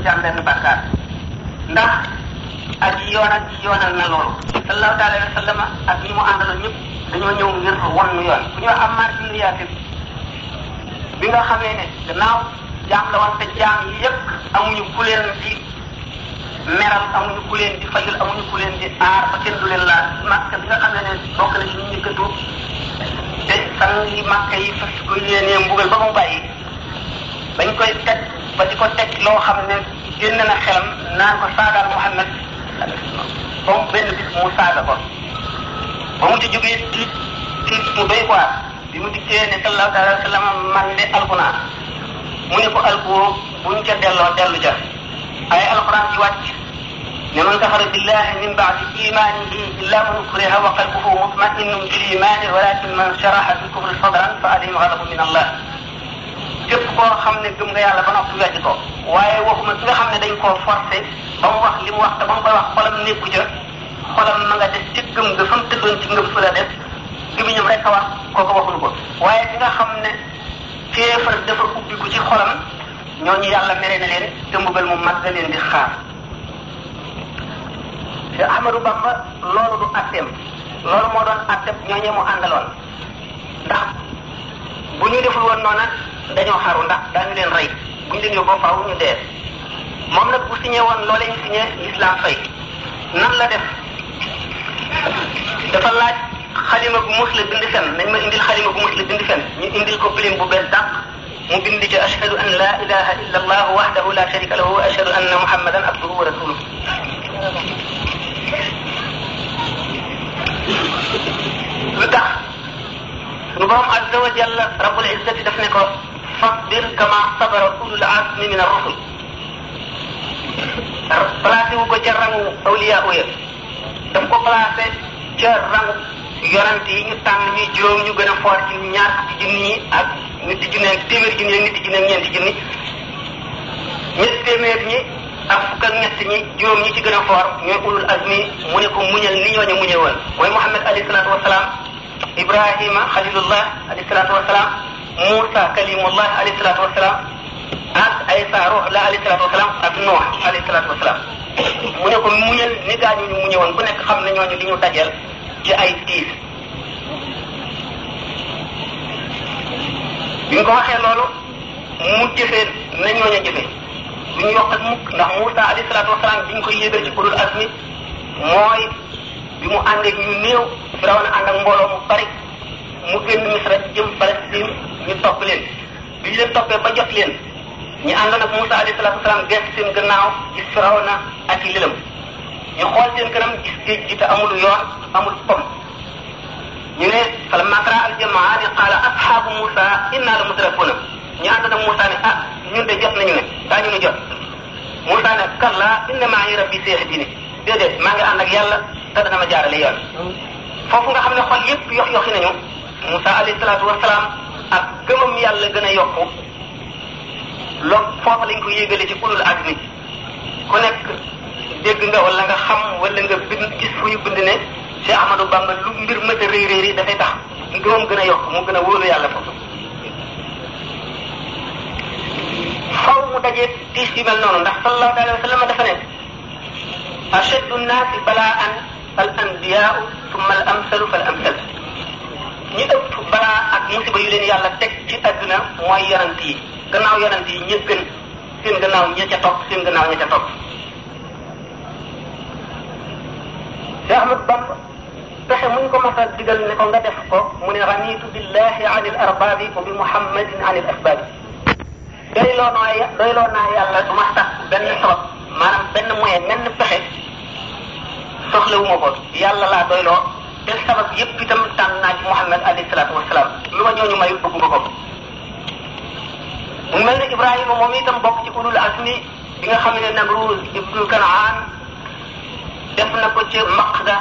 du ci am benn bàkkaar ndax aji yoon ak ci yoonal na loolu sallallahu taala alayhi wa sallam ak dañoo ñëw ngir won nu yoon bu xam am martin yaatim bi nga xamee ne gannaaw jaam la woon te jaam yëpp amuñu ku leen ci meral amuñu ku leen di fajul amuñu ku leen di aar ba kenn du leen laal màkk bi nga xam ne ne bokk na ci ñu njëkk a tuub te sang yi màkk yi fas ko yéenee mbugal ba mu bàyyi bañ koy teg ba di ko teg loo xam ne génn na xelam naan ko saagaal Muhammad ba mu benn bis mu saaga ko ba mu ci jógee tiit tiit mu doy ko bi mu dikkee ne sallallahu alayhi wa sallam man de alxuraan mu ne ko alxuraan bu ñu ca delloo dellu ja ay alxuraan ci wàcc ne man kafara billahi min ba'di imanihi illa man ukriha wa qalbuhu mutma'innun bil iman walakin man sharaha bil kufri sadran fa alayhim ghadabun min allah képp koo xam ne gëm nga yàlla ba noppi weddi ko waaye waxuma ki nga xam ne dañ koo forcé ba mu wax li mu wax te ba mu koy wax xolam nekku ca xolam ma nga des ci gëm ga fa mu tëddoon ci ngëm fa la des gémmiñam rek a wax kooku waxuñu ko waaye bi nga xam ne kéefar dafa ubbiku ci xolam ñu yàlla mere na leen te mbugal mu mag nga leen di xaar te Ahmadu Bamba loolu du atteem loolu moo doon atteem ñooñee mu àndaloon ndax bu ñu deful woon noonu dañoo xaru ndax daañu leen rey buñu dundee ba faaw ñu dee moom nag bu signé woon loolee ñu signé l'islam fay nan la def dafa laaj xalima gu mus la bind fen nañ ma indil xalima gu mus la bind fen ñu indil ko pilim bu bees dàq mu bind ci ashhadu an la ilaha illa allah wahdahu la sharika lahu wa ashhadu anna muhammadan abduhu wa rasuluh lu tax lu borom azza wa jalla rabbul izzati daf ne ko fasbir kama sabara ulul azmi min ar-rusul placé wu ko rangu awliya ya daf ko placé ca rangu yi ñu tànn ñuy juróom ñu gën a foor ci ñaar fukki junni yi ak nit junni ak téeméer junni ak nit téeméer ñi ak fukk ak ñett ñi juróom ñi ci gën a foor ñooy ulul azmi mu ne ko muñal ni ñooñu muñe woon mooy Muhammad alayhi salaatu wasalaam Ibrahima xalilullah alayhi salaatu wasalaam Muusa kalimullah alayhi salaatu wasalaam ak ay saa ruux la alayhi salaatu wasalaam ak Nuux alayhi salaatu wasalaam mu ne ko muñal ni gaañu ñu mu ñëwoon bu nekk xam ne ñooñu li ñu dajal ci ay tiis bi ñu ko waxee loolu mu jëfee na ñooñu jëfee bu ñu yokk ak mukk ndax Muusa alayhi salaatu wasalaam bi ñu koy yëgal ci ulul azmi mooy bi mu ànd ak ñu néew Firawna ànd ak mbooloo mu bari mu génn Misra jëm Palestine ñu topp leen bi ñu leen toppee ba jot leen ñu àndoon ak Moussa alayhi salaatu wasalaam gees seen gannaaw gis Firawna ak i lëlam ñu xool seen kanam gis géej amul yoon amul pom ñu ne falammaa tara al-jam'aan ni qaala ashaabu Moussa innaa la mudrakuuna ñu àndoon ak Moussa ah, ñun de jot nañu ne daañu ñu jot Moussa ne kallaa inna ma'iya rabbii sayahdini déedéet maa ngi ànd ak yàlla te dana ma jaarale yoon hmm. foofu nga xam ne xol yépp yox yoxi nañu Moussa alayhi salaatu wasalaam ak gëmam yàlla gën a yokku lool foofa lañ ko yéegale ci ulul azmi ku nekk dégg nga wala nga xam wala nga bind gis fu ñu bind ne Cheikh Ahmadou Bamba lu mbir mët a réy réy dafay tax gëmam gën a yokk mu gën a wóolu yàlla foofu faw mu dajee tiis yu noonu ndax sallallahu alayhi wa sallam dafa ne ashaddu nnaasi balaa an al anbiyaau summa al amsalu fal amsal ñi ëpp balaa ak musiba yu leen yàlla teg ci àdduna mooy yonent yi gannaaw yonent yi ñëpp gën seen gannaaw ña ca topp seen gannaaw ña ca topp. Cheikh Ahmad Bamba pexe muñ ko mas a digal ne ko nga def ko mu ne ranitu billahi anil arbaabi wa bi muhammadin anil asbaabi. naa ya doyloo naa yàlla du ma sax benn sabab maanaam benn moyen menn pexe soxlawuma ko yàlla laa doyloo. te sabab yépp itam tànn naa ci Muhammad alayhi salaatu wasalaam lu ma ñu may bëgg nga ko mu mel ne Ibrahima moom itam bokk ci ulul asmi bi nga xam ne Namruud ibnu Kanaan def na ko ca Maqda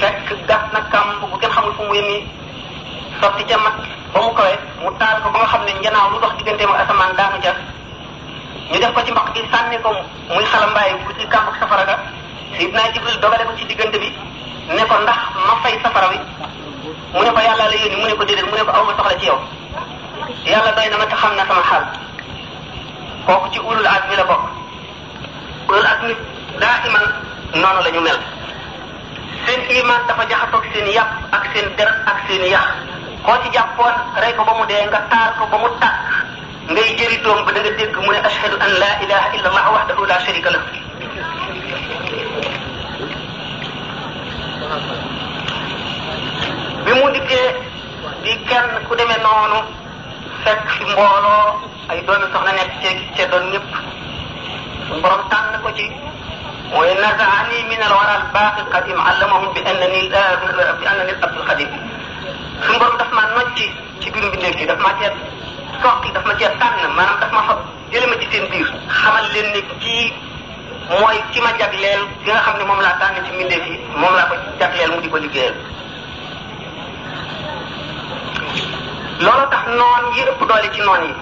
fekk gas na kàmb bu kenn xamul fu mu yemi sotti ca mat ba mu kawe mu ko ba xam ne njanaaw dox diggante mu asamaan daanu ca ñu def ko ci mbaq bi sànni ko muy xalambaayu bu ci kàmb safara ga Sidna Jibril dogale ko ci diggante bi ne ko ndax ma fay safara wi mu ne ko yàlla la yónni mu ne ko déedéet mu ne ko aw ma soxla ci yow yàlla doy na ma te xam na sama xaal kooku ci ulul azmi la bokk ulul azmi daa iman noonu la ñu mel seen iman dafa jaxatoog seen yàpp ak seen deret ak seen yax ko ci jàppoon rey ko ba mu dee nga taal ko ba mu tàkk ngay jëri doom ba da nga mu ne ashhadu an la ilaha illa allah wahdahu la sharika lahu ku demee noonu fekk fi mbooloo ay doomi soxna nekk ci ca doon ñëpp suñu borom tànn ko ci mooy nazaani min al wara al baaqi al qadim allamahum bi annani bi annani abdul qadim suñu borom daf ma nocci ci biir mbindeef yi daf ma cee soqi daf ma cee tànn maanaam daf ma fa jële ma ci seen biir xamal leen ne kii mooy ki ma jagleel gi nga xam ne moom laa tànn ci mbindeef yi moom laa ko jagleel mu di ko liggéeyal loolu tax noon yi ëpp doole ci noon yi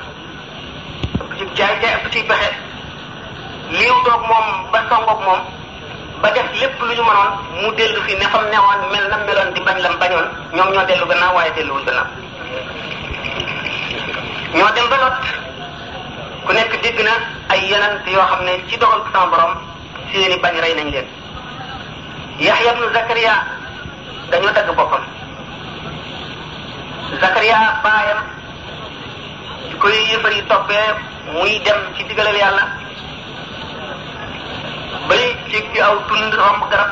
ëpp ci jaay jaay ëpp ci pexe liiw doog moom ba songoog moom ba def lépp lu ñu mënoon mu dellu fi ne fam newoon mel na meloon di bañ lam bañoon ñoom ñoo dellu gannaaw waaye delluwul gannaaw ñoo dem ba ku nekk dégg na ay yonent yoo xam ne ci dogal sama borom seeni bañ rey nañ leen Yaxya ibnu Zakariya dañoo dagg boppam Zakaria baayam di koy yëfar yi toppee muy dem ci digalal yàlla bay jéggi aw tund romb garab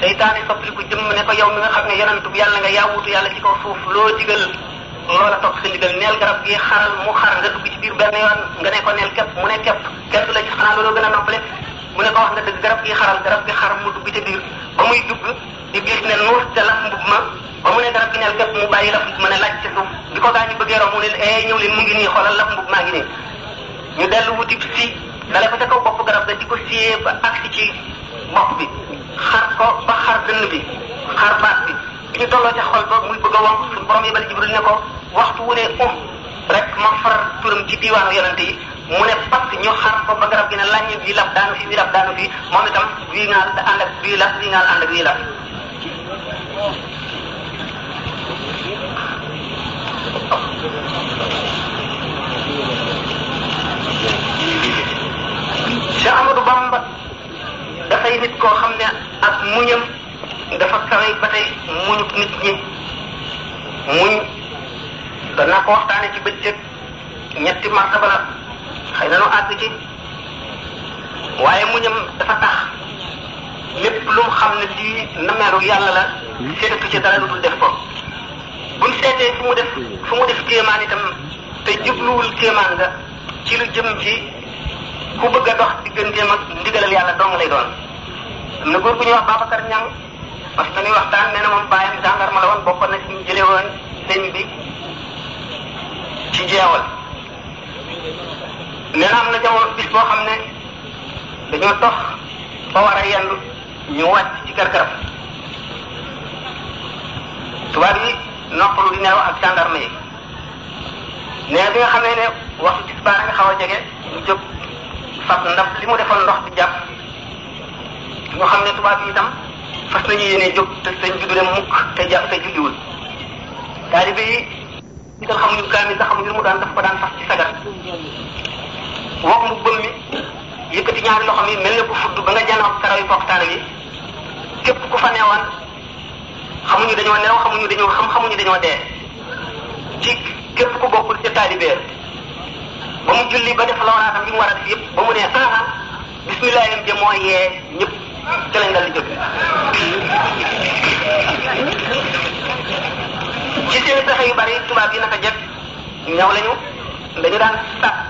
seytaane soppiliku jëmm ne ko yow mi nga xam ne yonent bi yàlla nga yaawutu yàlla ci kaw suuf loo digal loola topp sa ndigal neel garab gi xaral mu xar nga dugg ci biir ne ko neel képp mu ne képp a garab gi xaral garab ba muy dugg di gis ne nuur ca laf mbub ma ba mu ne garab gi neel képp mu bàyyi laf mën a laaj ci suuf bi ko gaa ñu bëggee rox mu ne eh ñëw leen mu ngi nii xoolal laf mbub maa ngi ne ñu dellu wuti si dale ko ca kaw bopp garab ga di ko siyee ba agsi ci bopp bi xar ko ba xar dënn bi xar baat bi bi ñu tolloo ca xol ba muy bëgg a wax suñu borom yebal jibril ne ko waxtu wu ne um rek ma far turam ci diiwaanu yonante yi mu ne parce que ñu xar ko ba garab gi ne laññi bii laf daanu fi bii laf daanu fi moom itam wii ngaal ànd ak wii laf wii ngaal ànd ak wii laf Cheikh Amadou Bamba dafay nit koo xam ne ak muñam dafa kawe ba tey muñu nit ñi muñ danaa ko waxtaane ci bëccëg ñetti martaba la xëy na nu àgg ci waaye muñam dafa tax lépp lu mu xam ne lii nameeru yàlla la seetatu ci dara lu dul def ko buñ seetee fu mu def fu mu def kéemaan itam te jubluwul kéemaan nga ci lu jëm ci ku bëgg a dox digganteem ak ndigalal yàlla dong lay doon. am na góor bu ñuy wax Babacar Niang parce que dañuy waxtaan nee na moom bàyyam gendarme la woon bokkoon na ci ñu jëlee woon sëñ bi ci jeewal nee na am na jamono bis xam ne. dañoo dox ba war a yendu ñu wàcc ci karkaram tubaab yi noppalu di nelaw ak gendarme yi nee bi nga xam ne ne waxtu tisbaar a nga xaw a jege ñu jóg fab ndax li mu defoon ndox di jàpp ñoo xam ne tubaab yi itam fas nañu yéene jóg te sëñ bi du dem mukk te jàpp te julliwul taalibe yi ñu doon xamuñu kaamil sax ngir mu daan daf ko daan fas ci sagar wokk mu bëm mi yëkkati ñaari loxo yi mel ne ku fudd ba nga janook saraw yi foog taal yi képp ku fa neewaan xamuñu dañoo neew xamuñu dañoo xam xamuñu dañoo dee ci képp ku bokkul di taalibeer ba mu julli ba def lawraatam bi mu war a def yëpp ba mu nee aha bismillah lim jë moo yee ñëpp ci lañ dal di ci seen pexe yu bari tubaab yi naka jëkk ñaw lañu dañu daan sàkk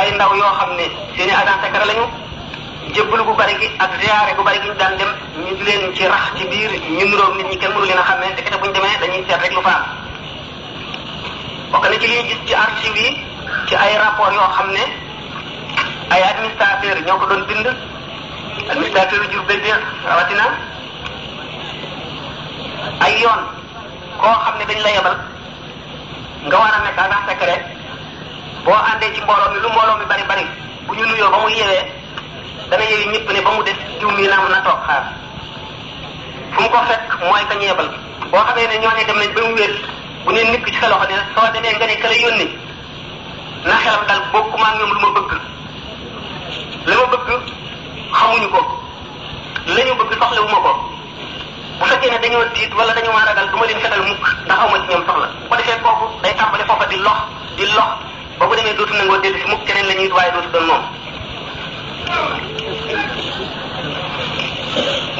ay ndaw yoo xam ne seeni agent secret lañu jébbalu gu bari gi ak ziyaare gu bari gi ñu daan dem ñu leen ci rax ci biir ñu nuróog nit ñi kenn mënu leen a xàmmee ndekete bu ñu demee dañuy seet rek lu fa am bokk na ci li ci archive yi ci ay rapport yoo xam ne ay administrateur ñoo ko doon bind administrateur yu jur béjjéer rawatina ay yoon koo xam ne dañ la yebal nga war a nekk agent secret boo àndee ci mbooloo mi lu mbooloo mi bari bari bu ñu nuyoo ba mu yeewee dana yëri ñëpp ne ba mu def diw mii na am na toog xaar fu mu ko fekk mooy ka ñeebal boo xamee ne ñoo ne dem nañ ba mu wér bu ne nit ki loxo ne soo demee nga ne ka la yónni na xelam dal bokku maa ñoom lu ma bëgg la ma bëgg xamuñu ko la ñu bëgg soxla wu ma ko bu fekkee ne dañoo tiit wala dañoo maa ragal du ma leen fetal mukk ndax aw ma ci ñoom soxla bu ko defee kooku day tàmbale foofa di lox di lox ba bu demee dootu nangoo dellu si mukk keneen la ñuy waaye dootu doon moom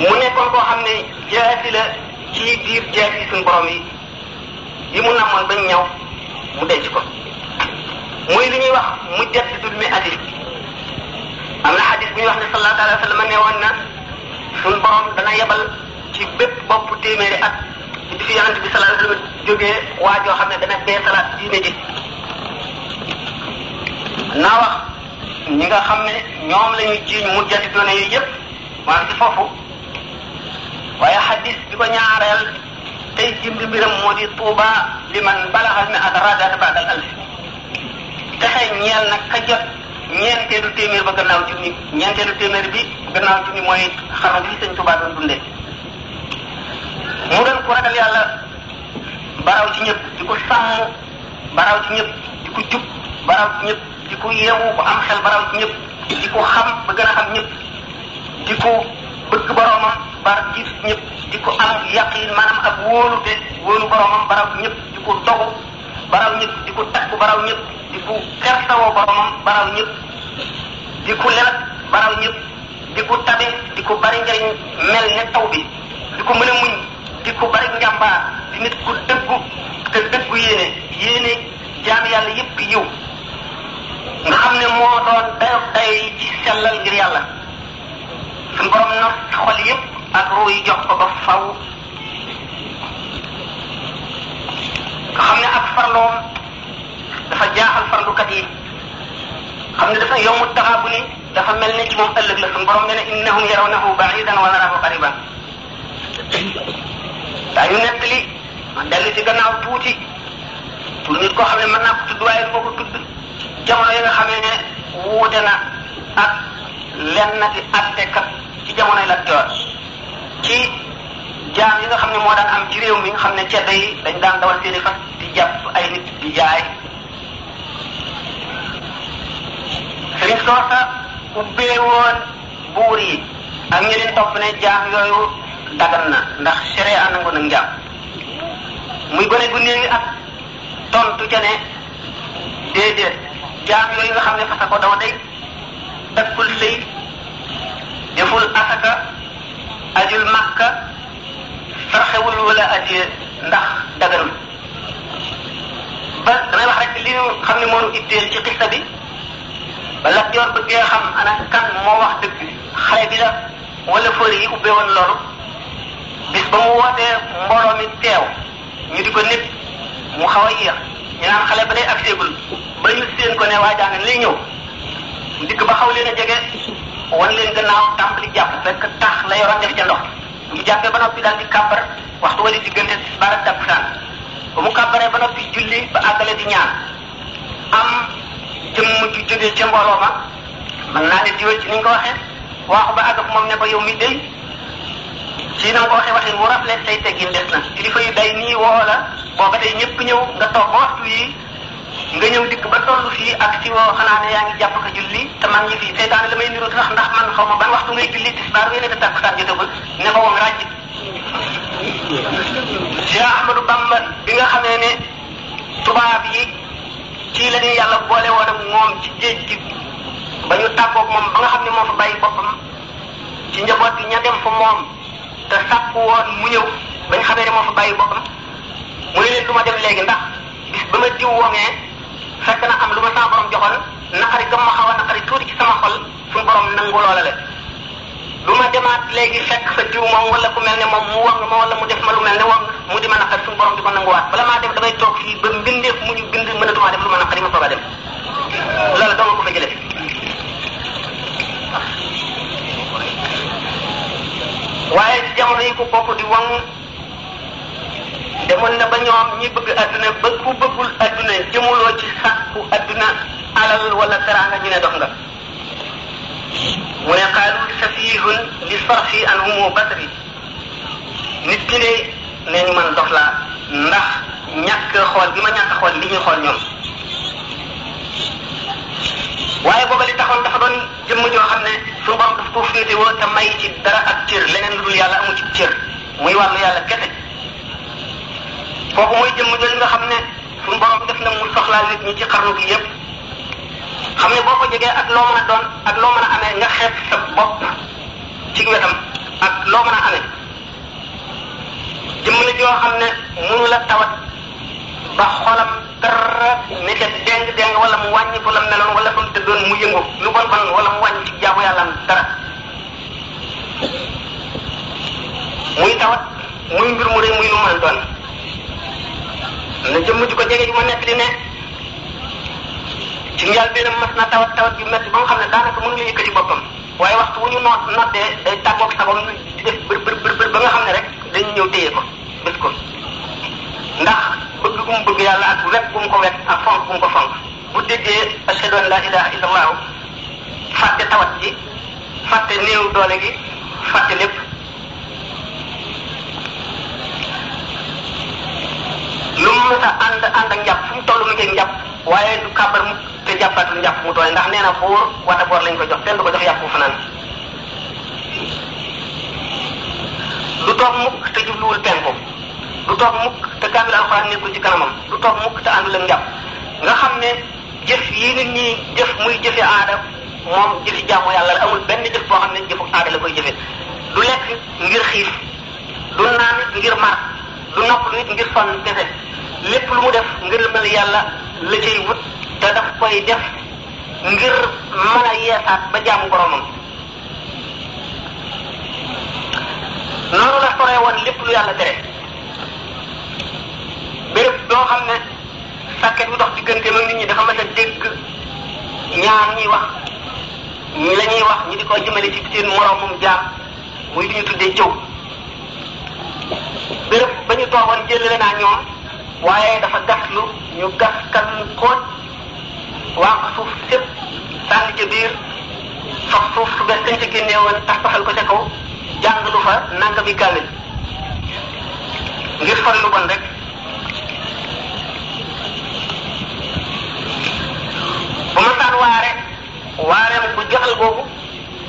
mu nekkoon koo xam ne jaasi la ci biir jaasi suñu borom yi yi mu namoon bañ ñaw mu denc ko muy li ñuy wax mu jett dul mi hadis am na hadis bu wax ne sallallahu alayhi wa sallam ne woon na suñu borom dana yebal ci bépp bopp téeméeri at di fi yonent bi sallallahu alayhi wa sallam jógee xam ne dana bee salaat diine ji naa wax ñi nga xam ne ñoom la ñuy jiiñ mujjati doone yooyu yëpp maa ngi foofu waaye xadis bi ko ñaareel tey jimbi mbiram moo di tuuba li man balaxal ne ak radat baadal alfi texe ñeel nag ka jot ñeenteelu téeméer ba gannaaw junni ñeenteelu téeméer bi gannaaw junni mooy xarnu bi sëñ tuuba doon dundee mu doon ku ragal yàlla baraw ci ñëpp di ko sàmm baraw ci ñëpp di ko jub baraw ci ñëpp di ku yeewu ku am xel ba raw ci di ko xam a di ko bëgg boromam ba di ko am yaqin maanaam ak wóolute wóolu boromam ba raw di ko dogu ba raw di ko takku ba raw ñëpp di ko kertawoo boromam ba raw di ko lelat ba raw di ko tabe di ko bari njariñ mel ne bi di ko mën a muñ di ko bari njàmbaar di nit ku dëggu te dëggu yéene yéene jaam yàlla yëpp yiw nga xam ne moo doon dayob day ci sellal ngir yàlla suñu borom nas xol yépp ak ruu yi jox ko ba faw nga xam ne ak farloom dafa jaaxal farlukat yi xam ne dafa yomb taxaabu ni dafa mel ne ci moom ëllëg la suñu borom ne ne innahum yarawnahu ba'idan wa narahu qariban daa ñu nett li man dellu ci gannaaw tuuti pour nit koo xam ne mën naa ko tudd waaye moo ko tudd jamono yi nga xam ne wuute na ak lenn ci àttekat ci jamonoy Lat Joor ci jaam yi nga xam ne moo daan am ci réew mi nga xam ne ceddo yi dañ daan dawal seeni fas di jàpp ay nit di jaay sëriñ soosa ubbee woon yi ak ñi leen topp ne jaam yooyu dagan na ndax sere sharia nangu na njàpp muy gone gu néewi ak tontu ca ne déedéet jaam yooyu xam ne fasa ko daw day takkul sëy deful asaka ajul makka sarxewul wala ajiye ndax daganul ba damay wax rek xam ne moom itteel ci xista bi ba Lat Joor bëggee xam ana kan moo wax xale bi wala fëri yi ubbee woon bis ba mu wootee mbooloo mi teew ñu di ko nit mu xaw a ñu naan xale ba day ak séegul ba ñu séen ko ne waajaa nga lay ñëw ndikk ba xaw leen a jege wan leen gannaaw tàmbali jàpp fekk tax la yoroon def ca ndox mu jàppee ba noppi daal di kàbbar waxtu wala diggante tisbaar ak takkusaan ba mu kàbbaree ba noppi julli ba àggale di ñaan am jëmm ju jógee ca mbooloo ma mën naa ne diwél ci ni ko waxee waaxu ba àgg moom ne ko yow mi dey ci na nga ko waxee waxin wu rafet say teggin des na kilifa yi day nii woo la boo ñëpp ñëw nga toog ba waxtu yi nga ñëw dikk ba toll fii ak si woo xanaa ne yaa ngi jàpp ko julli te man ngi fii seytaane ndax ma ban waxtu ngay julli tisbaar wéy na te takkusaan jotagul ne ko woon ràjj Cheikh Ahmadou bi nga xamee ne tubaab yi ci la yàlla boole woon ak moom ci géej gi ba ñu tàggoog moom ba nga xam ne moo fa bàyyi boppam ci njaboot gi ña dem fa moom te sàkku woon mu ñëw bañ xamee ne moo fa bàyyi boppam mu ne leen du ma dem léegi ndax bis ba ma diw woomee fekk na am lu ma sama borom joxoon naqari gëm ma xaw a naqari tuuti ci sama xol suñu borom nangu loola la du ma demaat léegi fekk fa diw moom wala ku mel ne moom mu wong ma wala mu def ma lu mel ne wong mu di ma naqari suñu borom ma nanguwaat bala maa def damay toog fii ba mbindeef mu ñu bind mënatuma def lu ma naqari ma soog a dem loolu ko fa waaye ci jamono yi ko bopp di waŋ demoon na ba ñoom ñi bëgg adduna ba ku bëggul adduna jëmuloo ci sàkku adduna alal wala teraanga ñu ne dox nga mu ne xaalu safihun li sarfi an humu basri nit ki ne ñu man dox laa ndax ñàkk xool bi ma ñàkk xool li ñuy xool ñoom waaye booba li taxoon dafa doon jëmm joo xam ne suñu borom daf ko féete woo te may ci dara ak cër leneen lu dul yàlla amu ci cër muy wàllu yàlla kese kooku mooy jëmm jooju nga xam ne suñu borom def na mu soxlaal nit ñi ci xarnu gi yépp xam ne boo ko jegee ak loo mën a doon ak loo mën a amee nga xeeb sa bopp ci wetam ak loo mën a amee jëmm la joo xam ne mënu la tawat ba xolam dara ne ca deng deng wala mu wàññi fu la meloon wala fa mu tëddoon mu yëngu lu bon bon wala mu wàññi ci jaamu yàlla dara muy tawat muy mbir mu rëy muy lu mën doon na jëmm ju ko jege ju ma nekk li ne ci njaal benam mas na tawat tawat ju metti ba nga xam ne daanaka mënu la yëkkati boppam waaye waxtu wu ñu noot noddee day tàggoog sabam di def bër bër bër ba nga xam ne rek dañu ñëw téye ko ko wekk ak fonk bu mu ko fonk bu déggee ashhadu an la ilaha illallah fàtte tawat ji fàtte néew doole gi fàtte lépp lu mu mën a ànd ànd njàpp fu mu toll mu ngi njàpp waaye du kàbbar mu te jàppatul njàpp mu doole ndax nee na buur boor lañ ko jox kenn du ko jox yàpp fanaan du toog mukk te jubluwul penku du toog mukk te kaamil alxuraan nekkul ci kanamam du toog mukk te àndul ak nga xam ne jëf yi nit ñi jëf muy jëfe aada moom jëfi jaamu yàlla amul benn jëf xam ne jëfu aada la koy jëfe du lekk ngir xiif du naan ngir mar du nopp lu nit ngir sonn defe lépp lu mu def ngërëmal yàlla la cay wut te daf koy def ngir mën a yeesaat ba jaamu boromam noonu la soree woon lépp lu yàlla tere béréb doo xam ne sàkket bu dox diggante ma nit ñi dafa mën a dégg ñaar ñuy wax ñi la ñuy wax ñi di ko jëmale ci seen moroomum jaam muy li ñu tuddee jëw béréb ba ñu toogoon jëlale naa ñoom waaye dafa gaslu ñu gas kan mu xóot waa ko suuf sépp sànni ca suuf su bees dañ ca tax taxal ko ca kaw jàng lu fa nangami kaamil ngir far lu bon rek bu ma saan waare waareem bu joxal boobu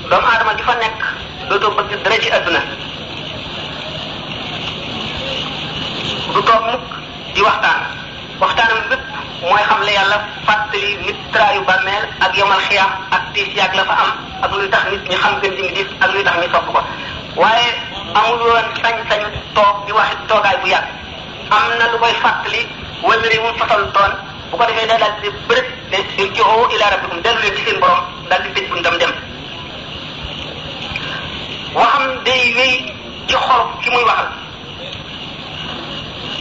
doomu aadama ji fa nekk dootoo bëgg dara ci àdduna du toog mukk di waxtaan waxtaanam bépp mooy xam le yàlla fàttali nit traayu bàmmeel ak yomal xiyaam ak tiis yàgg la fa am ak luy tax nit ñi xam gën ci nit ak luy tax ñu sopp ko waaye amul woon sañ-sañ toog di wax toogaay bu yàgg am na lu koy fàttali wëllëri mu fasal doon bu ko defee day daal di bërëb ne irji'u ila rabbikum dellu leen ci daal di tëj buntam dem waxam day wéy ci xol ki muy waxal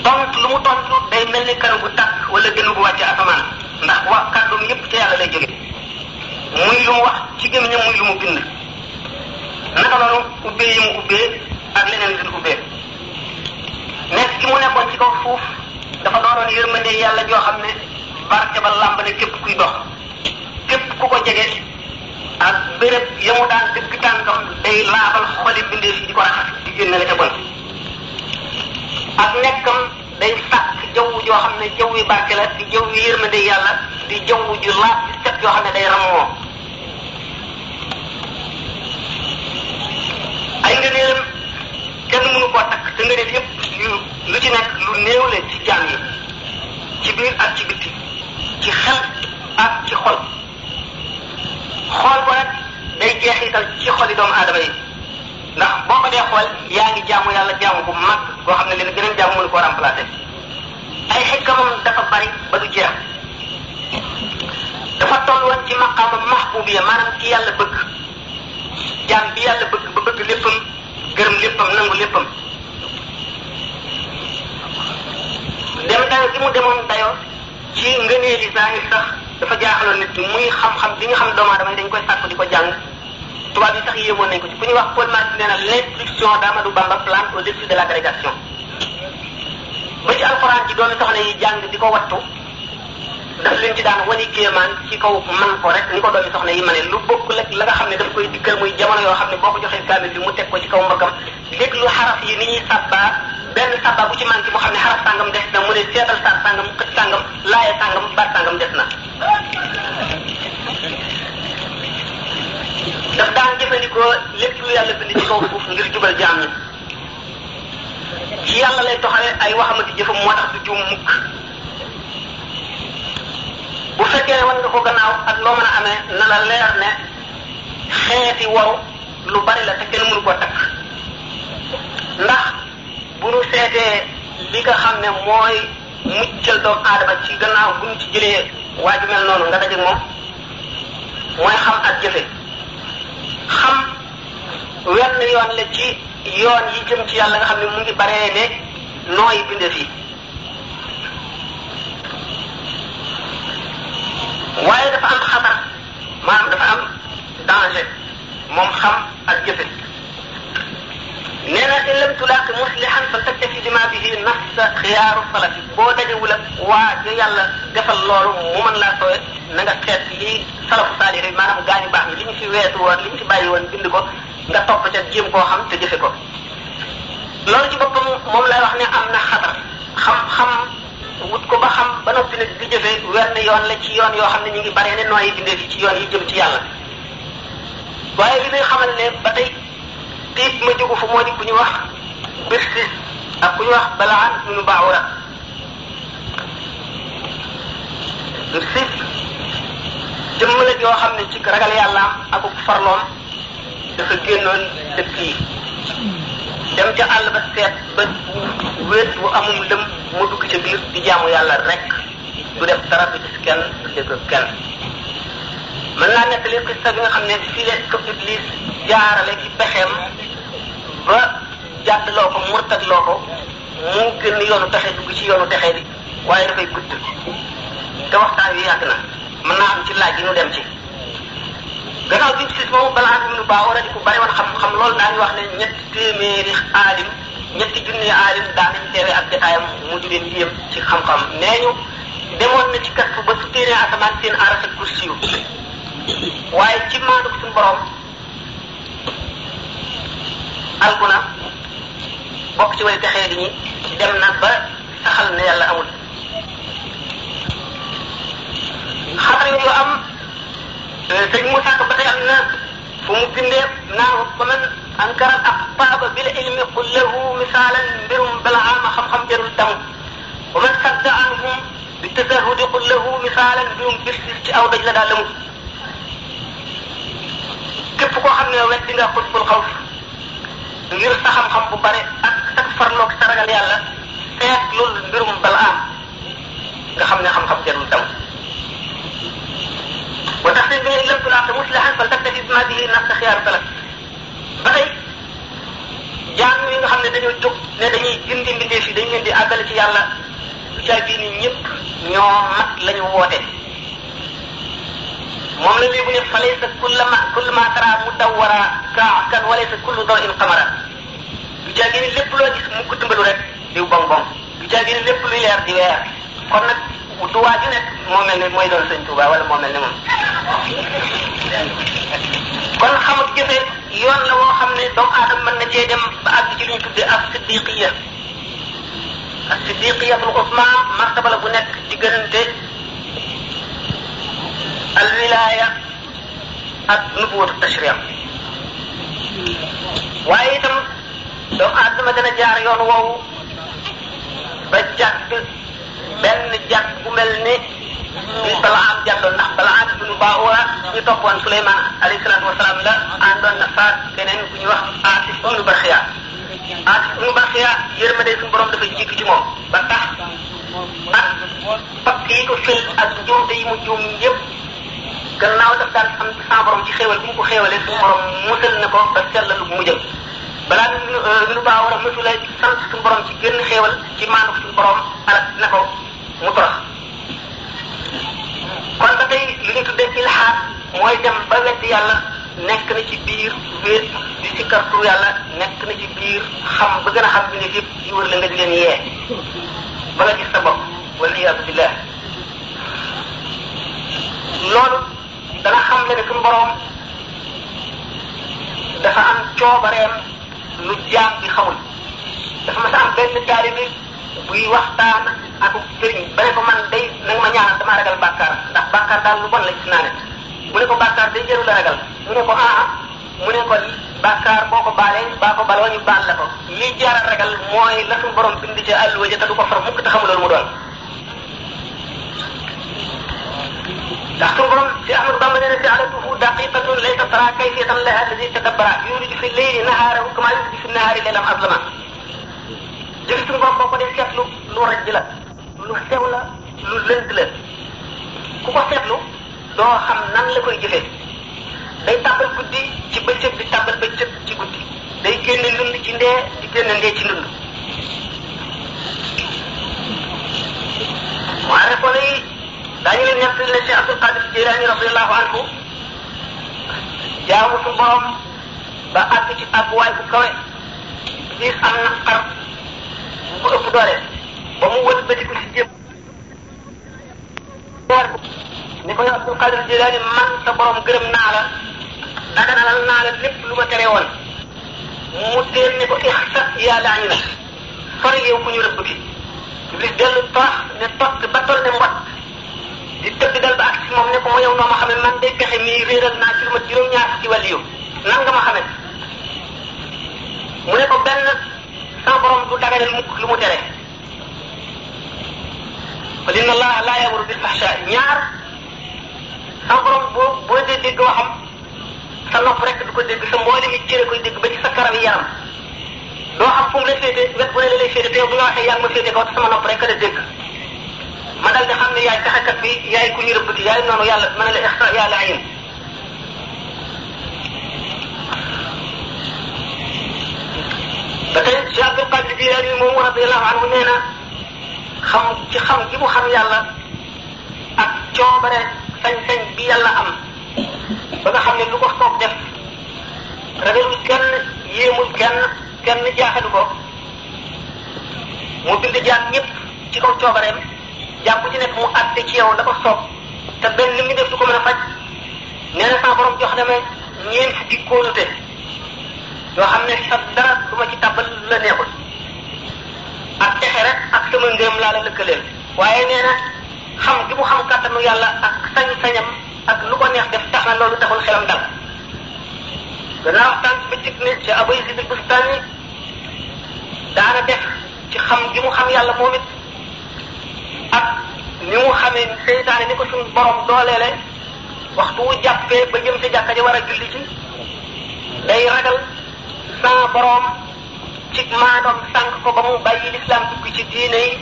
tontu lu mu tontu day mel ni kanam gu tàkk wala gën gu wàcc asamaan ndax wax kàddoom yépp ca yàlla lay jóge muy lu mu wax ci gémmiñam muy lu mu bind naka noonu ubbee yi mu ubbee ak leneen lu mu ubbee nekk ki mu nekkoon ci kaw suuf dafa doonoon yërmande yàlla joo xam ne barke ba làmb ne képp kuy dox képp ku ko jege ak béréb yamu daan dëgg tànkam day laabal xoli bindeef yi di ko raxas di xam ne jaww yu barke la di jaww yu yërmande yàlla di jaww ju laab set yoo xam ne day ramoo ay ngëneelam kenn mënu koo takk te ngëneel yëpp yu lu ci nekk lu néew la ci jaam yi ci biir ak ci bitti ci xel ak ci xol xool ko nag day jeexital ci xoli doomu aadama yi ndax boo ko dee xool yaa ngi jaamu yàlla jaamu bu mag boo xam ne leen gën a jaamu mënu koo remplacer ay xikkamam dafa bari ba du jeex dafa toll woon ci maqaama mahbubiya maanaam ki yàlla bëgg jaam bi yàlla bëgg ba bëgg léppam gërëm léppam nangu léppam dem dayo gi mu demoon dayo ci ngëneel yi zahir sax dafa jaaxaloon nit muy xam-xam bi nga xam doomu aadama yi dañ koy sàkku di ko jàng tubaab yi sax yéemoon nañ ko ci ku ñuy wax Paul Marty nee na l'instruction d'Amadou Bamba plante au-dessus de l'agrégation ba ci alxuraan ci doomi soxna yi jàng di ko wattu daf leen ci daan wani kéemaan ci kaw man ko rek ni ko doomi soxna yi ma ne lu bokk ak la nga xam ne daf koy dikkal muy jamono yoo xam ne boo ko joxee kaamil bi mu teg ko ci kaw mbagam déglu xaraf yi ni ñuy sàbbaa benn sabba bu ci manqué xam ne xaraf sàngam des na mu ne seetal sar sàngam xët sàngam laaya sàngam baat sàngam des na daf daan jëfandikoo lépp lu yàlla bind ci kaw ngir jubal jaam ñi yàlla lay toxale ay waxamati jëfam moo tax du juum mukk bu fekkee ne war nga ko gannaaw ak loo mën a amee na la leer ne xeeti waru lu bari la te kenn mënu koo takk ndax bu nu seetee li nga xam ne mooy muccal doomu aadama ci gannaaw bu ci jëlee waa ju mel noonu nga daje moom mooy xam ak jëfe xam wenn yoon la ci yoon yi jëm ci yàlla nga xam ne mu ngi bare ne nooy bindeef yi waaye dafa am xatar maanaam dafa am danger moom xam ak jëfe nee na in lam tulaaqi muslihan fa taktafi bima bihi nafsa xiyaaru salafi boo dajewul ak waa ja yàlla defal loolu mu mën laa ko na nga xeet li salafu saalih maanaam gaa ñu baax ñi li ñu fi weesu woon li ñu fi bàyyi woon bind ko nga topp ca jéem koo xam te jëfe ko loolu ci boppam moom lay wax ne am na xatar xam-xam wut ko ba xam ba noppi nag di jëfe wenn yoon la ci yoon yoo xam ne ñu ngi bare ne nooyi bindee ci yoon yi jëm ci yàlla waaye li muy biib ma jógu fa moo di ku ñu wax birsi ak ku ñu wax balaan munu baawura jëmm la joo xam ne ci ragal yàlla ak ku farloom dafa génnoon dëkk yi dem ca àll ba seet ba wéet bu amum lëm mu dugg ca biir di jaamu yàlla rek du def dara du gis kenn mën laa nettali xista bi nga xam ne fii la ko Iblis jaarale ci pexeem ba jàddloo ko murtatloo ko mu gën yoonu texe dugg ci yoonu texe bi waaye dafay gudd te waxtaan wi yàgg na mën naa am ci laaj yi ñu dem ci gannaaw bi sis moom balaa bi nu baa war a di ku bari xam-xam loolu daañu wax ne ñetti téeméeri aalim ñetti junni aalim daanañ teewe ak jotaayam mu di leen yéem ci xam-xam nee ñu demoon na ci kat ko ba su téere asamaan seen arasa waaye ci maandu suñu borom alguna bokk ci way texee di ñi dem na ba saxal ne yàlla amul xamal yu am sëñ Moussa Ka ba tey am na fu mu bindee naan ba man ankaral ak paaba bi la ilmi qul lahu misaalan mbirum bala ama xam-xam jarul tam wa man sadda anhum bi tasahudi qul lahu misaalan mbirum bis ci aw daj la daa lëmu képp koo xam ne weddi nga xutbul xaw fi ngir sa xam-xam bu bare ak ak farloog sa ragal yàlla seet loolu mbirum bala nga xam ne xam-xam jarul daw wa tax seen beneen lëpp naa te muslahan fal taktafi bi ma bihi nafsa xiyaar salaf ba tey jaam yi nga xam ne dañoo jóg ne dañuy gindi mbindeef yi dañ leen di àggale ci yàlla lu caa bii ni ñoo mat la woote moom la léebu ne fa laysa kulla ma kulla ma tara mu dawwara saa kan wa laysa kullu daw in qamara du jaage ni lépp loo gis mu ko dimbalu rek diw bong bong du jaage ni lépp luy leer di weer kon nag du waa ju nekk moo mel ne mooy doon sëñ Tuuba wala moo mel ne moom kon xam ak jëfe yoon la woo xam ne doomu aadama mën na cee dem ba àgg ci lu ñu tuddee ak siddiqiya ak siddiqiyatul usma martaba la bu nekk diggante al wilaaya ak nubuwatu tashriya waaye itam doomu aadama dana jaar yoon woowu ba jàkk benn jàkk bu mel ni bi Balaam jàddoon ndax Balaam ibnu Baawura ñu toppoon Suleymaan alayhi salaatu wasalaam la àndoon na faat keneen ku ñuy wax Aatif ibnu Barxiya Aatif ibnu Barxiya yërmande suñu borom dafa jikk ci moom ba tax ak pakk yi ko fil ak njuumte yi mu juum yépp gannaaw daf daan am ci san borom mu ko xéewalee suñu borom musal na ko ba sellal lu mujjëm balaa nu euh, baa war a mësula sant suñu borom ci génn xéewal ci maanu suñu borom alal na ko mu torox kon ba tey li ñu tuddee ilhaad mooy dem ba wedd nekk na ci biir wéet di sikkar tur yàlla nekk na ci biir xam ba gën a xam bindee yëpp yi wër la nga yee ba nga gis sa bopp billah dana xam ne ne suñu borom dafa am coobareem lu jaam bi xamul dafa mas a am benn taalibi buy waxtaan ak sëriñ ba ne ko man day nag ma ñaanal damaa ragal bàkkaar ndax bàkkaar daal lu bon lañ si naanet ko bàkkaar day jëru la ragal mu ne ko ah mu ne ko bàkkaar boo ko baalee baa ko baloo ñu baal la ko li jaaral ragal la suñu borom bind ca àlluwa ja te du ko far mukk te xamuloolu mu doon ndax suñu borom si Ahmadu Bamba nee na si alatuhu daqiqatun laysa tara a laha alladi tadabbara a fi leyli nahaarahu kama yuriju fi nahaari leylam azlama jëf suñu borom boo ko dee seetlu lu rëdd la lu sew la lu lënd la ku ko seetlu doo xam nan la koy jëfee day tàbbal guddi ci bëccëg di tàbbal bëccëg ci guddi day génne ndund ci ndee di génne ndee ci ndund. waaye rek daañu leen nekk ne Cheikh Abdul Qadir Jilani radiyallahu anhu jaamu su borom ba àgg ci àgguwaay bu kawe diis am na xar bu ëpp ba mu wër bëtiku si jëm ni ko yow Abdul Qadir Jilani man sa gërëm naa la daganalal naa la lu ma tere woon mu teel ni ko ixsa yàlla añ la far yow ku ñu rëbb gi. li dellu ne toog ba toll ne mbot di tëddal ba ak si moom ne ko yow noo ma xamee man day pexe mii réeral naa ci lu ma juróom-ñaar fukki wàll yow nan nga ma mu ne ko benn sama bu du daganal mukk lu mu tere fa inna allaha la yamuru bil fahsha ñaar sama borom boo boo dee dégg waxam sa nopp rek du ko dégg sa mboole mi cëre koy dégg ba ci sa karam yaram doo xam fu mu la féete wet bu ne la lay féete te yow bu nga waxee yaa ngi ma féete kaw te sama nopp rek a dégg ma dal di xam ne yaay taxakat bi yaay ku ñu rëbbati yaay noonu yàlla ma ne la ixsa yàlla ayin ba tey Cheikh Abdul Qadir Jilaani moom radiyallahu anhu nee na xam ci xam gi mu xam yàlla ak coobare sañ-sañ bi yàlla am ba nga xam ne lu ko soog def ragalul kenn yéemul kenn kenn jaaxadu ko mu bind jaam ñëpp ci kaw jàmm ci nekk mu àtte ci yow la ko soob te benn mi def du ko mën a faj nee na sama borom jox dama ñeent fukki kóolute yoo xam ne sax dara du ma ci tàbbal la neexul ak texe rek ak sama ngërëm laa la lëkkaleel waaye nee xam gi mu xam kàttanu yàlla ak sañ-sañam ak lu ko neex def tax na loolu taxul xelam dal gannaaw waxtaan ci bëccëg ne ci Abu Yazid daana def ci xam gi mu xam yàlla moom it ak ni mu xamee seytaane ni ko suñu borom le waxtu wu jàppee ba jëm ci jàkka ji war a julli ci day ragal saa borom ci maandoom sànq ko ba mu bàyyi lislaam dugg ci diine yi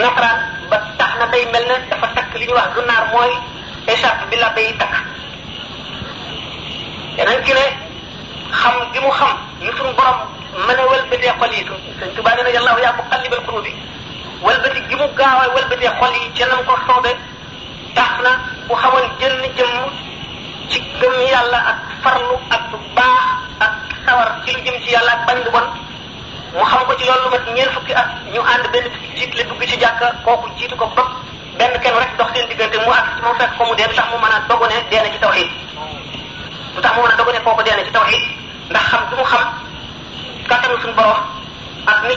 nasaraan ba tax na day mel ne dafa takk li ñuy wax gunnaar mooy écharpe bi la bay takk yeneen ki ne xam gi mu xam ni suñu borom mën a wëlbatee xol yi sëñ Tuubaa nee na yàllaahu yaa muqallibal qulubi walbati gi mu gaaw a walbatee xol yi ca nam ko soobe tax na bu xamoon jënn jëmm ci gëm yàlla ak farlu ak baax ak sawar ci lu jëm ci yàlla ak bañ lu bon mu xam ko ci loolu lu mat ñeent fukki at ñu ànd benn jiit la dugg ci jàkka kooku jiitu ko bopp benn kenn rek dox seen diggante mu ak mu fekk ko mu dee tax mu mën a dogu ne dee na ci tawxiid lu tax mu mën a dogu ne kooku dee na ci tawxiid ndax xam du mu xam kattanu suñu borom ak ni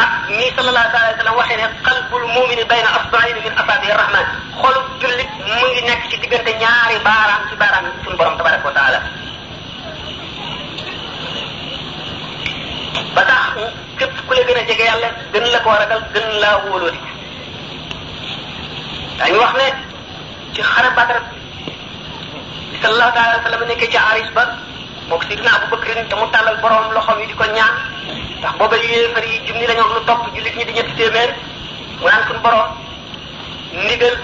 ak ah, ni sallallahu alayhi wa sallam waxee ne qalbul mumini bayna asbaayni min asaabi rahman xolu mu ngi nekk ci diggante ñaari baaraam ci baaraam yi suñu borom tabaraka wa taala ba ku la gën a jege yàlla gën la ko ragal gën laa wóolooti wax ne ci xare Badar bi sallallahu alayhi wa sallam nekkee ci aris ba mook Sidina Abu tàllal borom loxoom yi di ko ñaan ndax booba yéefar yi junni lañu ak lu topp jullit ñi di ñetti téeméer mu naan suñu borom ndigal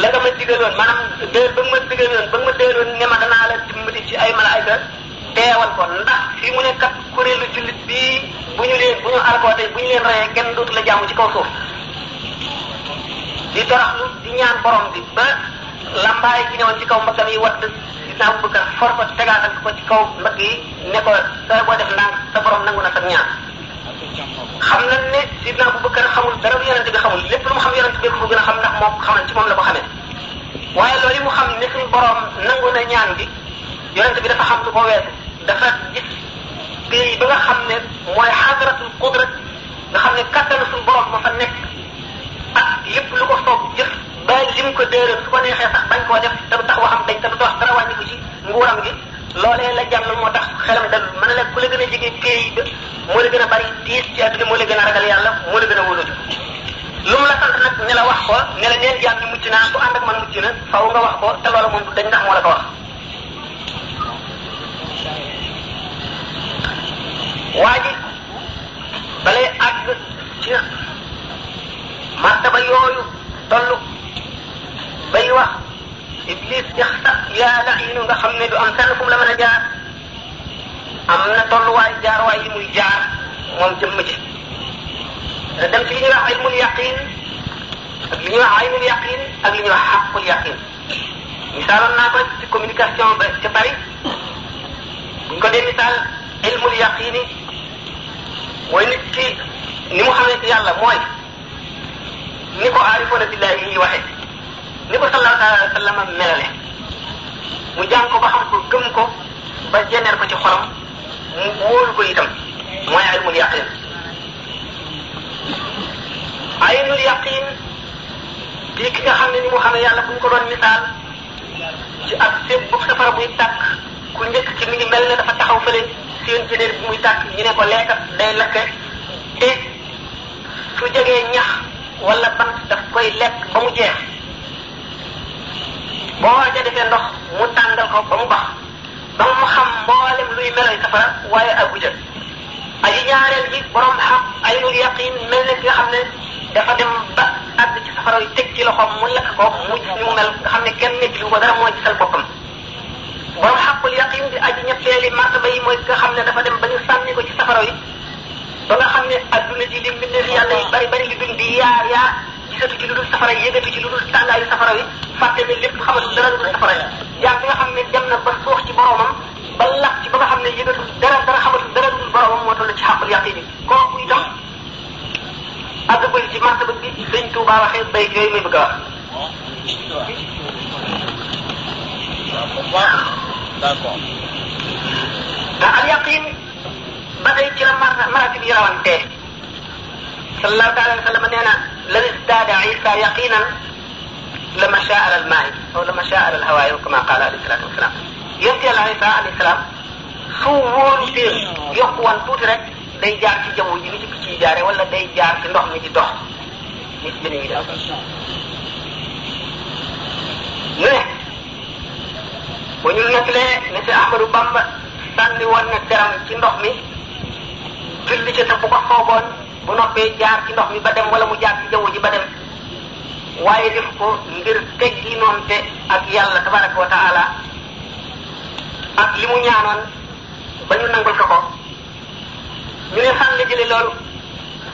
la nga ma digaloon maanaam déel ba nga ma digaloon ba nga ma déeloon ne ma danaa la dimbali ci ay malaayka teewal ko ndax fi mu ne kat jullit bi bu ñu leen bu ñu alkootee bu ñu leen reyee kenn dootu la jàmm ci kaw suuf di toroxlu di ñaan borom bi ba lambaay gi newoon ci kaw mbaggam yi wadd na Abubakar for ko tegaatal ko ci kaw mbagg yi ne ko sooy boo def ndànk sa borom nangu na sa ñaan xam na ne sidna Abubakar xamul dara yonent bi xamul lépp lu mu xam yonent bi ko gën a xam ndax moom xam na ci moom la ko xamee waaye loolu yi mu xam ne suñu borom nangu na ñaan bi yonent bi dafa xam lu ko weesu dafa gis pays ba nga xam ne mooy xadratul qudrat nga xam ne kattanu suñu borom ma fa nekk ak lépp lu ko soog jëf ba lim ko dëral su ko neexee sax bañ koo def te du tax waxam dañ te du tax dara wàññi ko ci nguuram gi loolee la jàll moo tax xelam dal mën na la ku la gën a jege pays ba moo la gën a bari tiis ci àdduna moo la a ragal yàlla moo la gën lu mu la sant nag ne la wax ko ak man mucc na faw nga wax ko te loolu moom dañ ndax moo la wax waa ji balay àgg martaba yooyu tollu bay wax iblis jaxta yaa la yi nu nga xam ne du am fenn fu mu la mën a jaar am na tolluwaay jaarwaay yi muy jaar moom jëmm ci dem ci li ñuy wax ilmul yaqin ak li ñuy wax aynul yaqin ak li ñuy wax xaqul yaqin misaaloon naa ko ci communication ba ca Paris buñ ko dee misaal ilmul yaqini mooy nit ki ni mu xamee ci yàlla mooy ni ko aarifoona billahi yi waxe li ko sallallahu alayhi wa mu jàng ko ba xam ko gëm ko ba jeneer ko ci xolam mu wóolu ko itam mooy ilmul yaqin ilmul yaqin di ki nga xam ne ni mu xamee yàlla bu ñu ko doon misaal ci ak sépp bu safara buy tàkk ku njëkk ci mi ngi mel ne dafa taxaw fële seen ko lekkat day lakke te su jegee ñax wala bant daf koy lekk ba mu jeex boo ca defee ndox mu tàngal ko ba mu bax ba mu xam mboolem luy meloy safara waaye ak bu jël aji ñaareel ji borom xam aynul yaqin mel ne xam ne dafa dem ba àgg ci safara yi teg ci loxoom mu lekk ko mu gis ni mu mel nga xam ne kenn nekk lu ko dara moo gisal boppam borom xaqul yaqin bi aji mooy ki xam ne dafa dem ba ñu sànni ko ci safara yi ba nga xam ne adduna ji li mbindeef yàlla yi bari bari li duñ di yaar yaar gisatu ci lu dul safara yëgatu ci lu dul tàngaayu safara wi fàtte ne lépp xamatul dara lu dul safara yaa bi nga xam ne dem na ba suux ci boromam ba lax ci ba nga xam ne yëgatul dara dara xamatul dara lu dul boromam moo toll ci xàqul yàqi bi kooku itam àggagul ci martaba bi sëñ Tuubaa waxee bay yooyu may bëgg a wax d'accord ndax al yaqin ba tey ci la maratib yi rawante sallallahu taala wa sallam nee na law a Isa yaqinan la masha ala al maa'i aw la masha ala al hawaa'i kama qaala alayhi salaatu wa salaam yonent yàlla Isa salaam su wóorutee yokkuwaan tuuti rek day jaar ci jaww ji ni ci wala day jaar ci ndox mi di dox nit ñi dañuy def ñu ne ba Bamba sànni woon na deram ci ndox mi te bu ko bu noppee jaar ci ndox mi ba dem mu jaar ci jaww ji ba dem waaye def ko ngir teggi ak yàlla tabaraka wa taala ak li mu ñaanoon ba ñu nangul ko ko ñu ne fan la jële loolu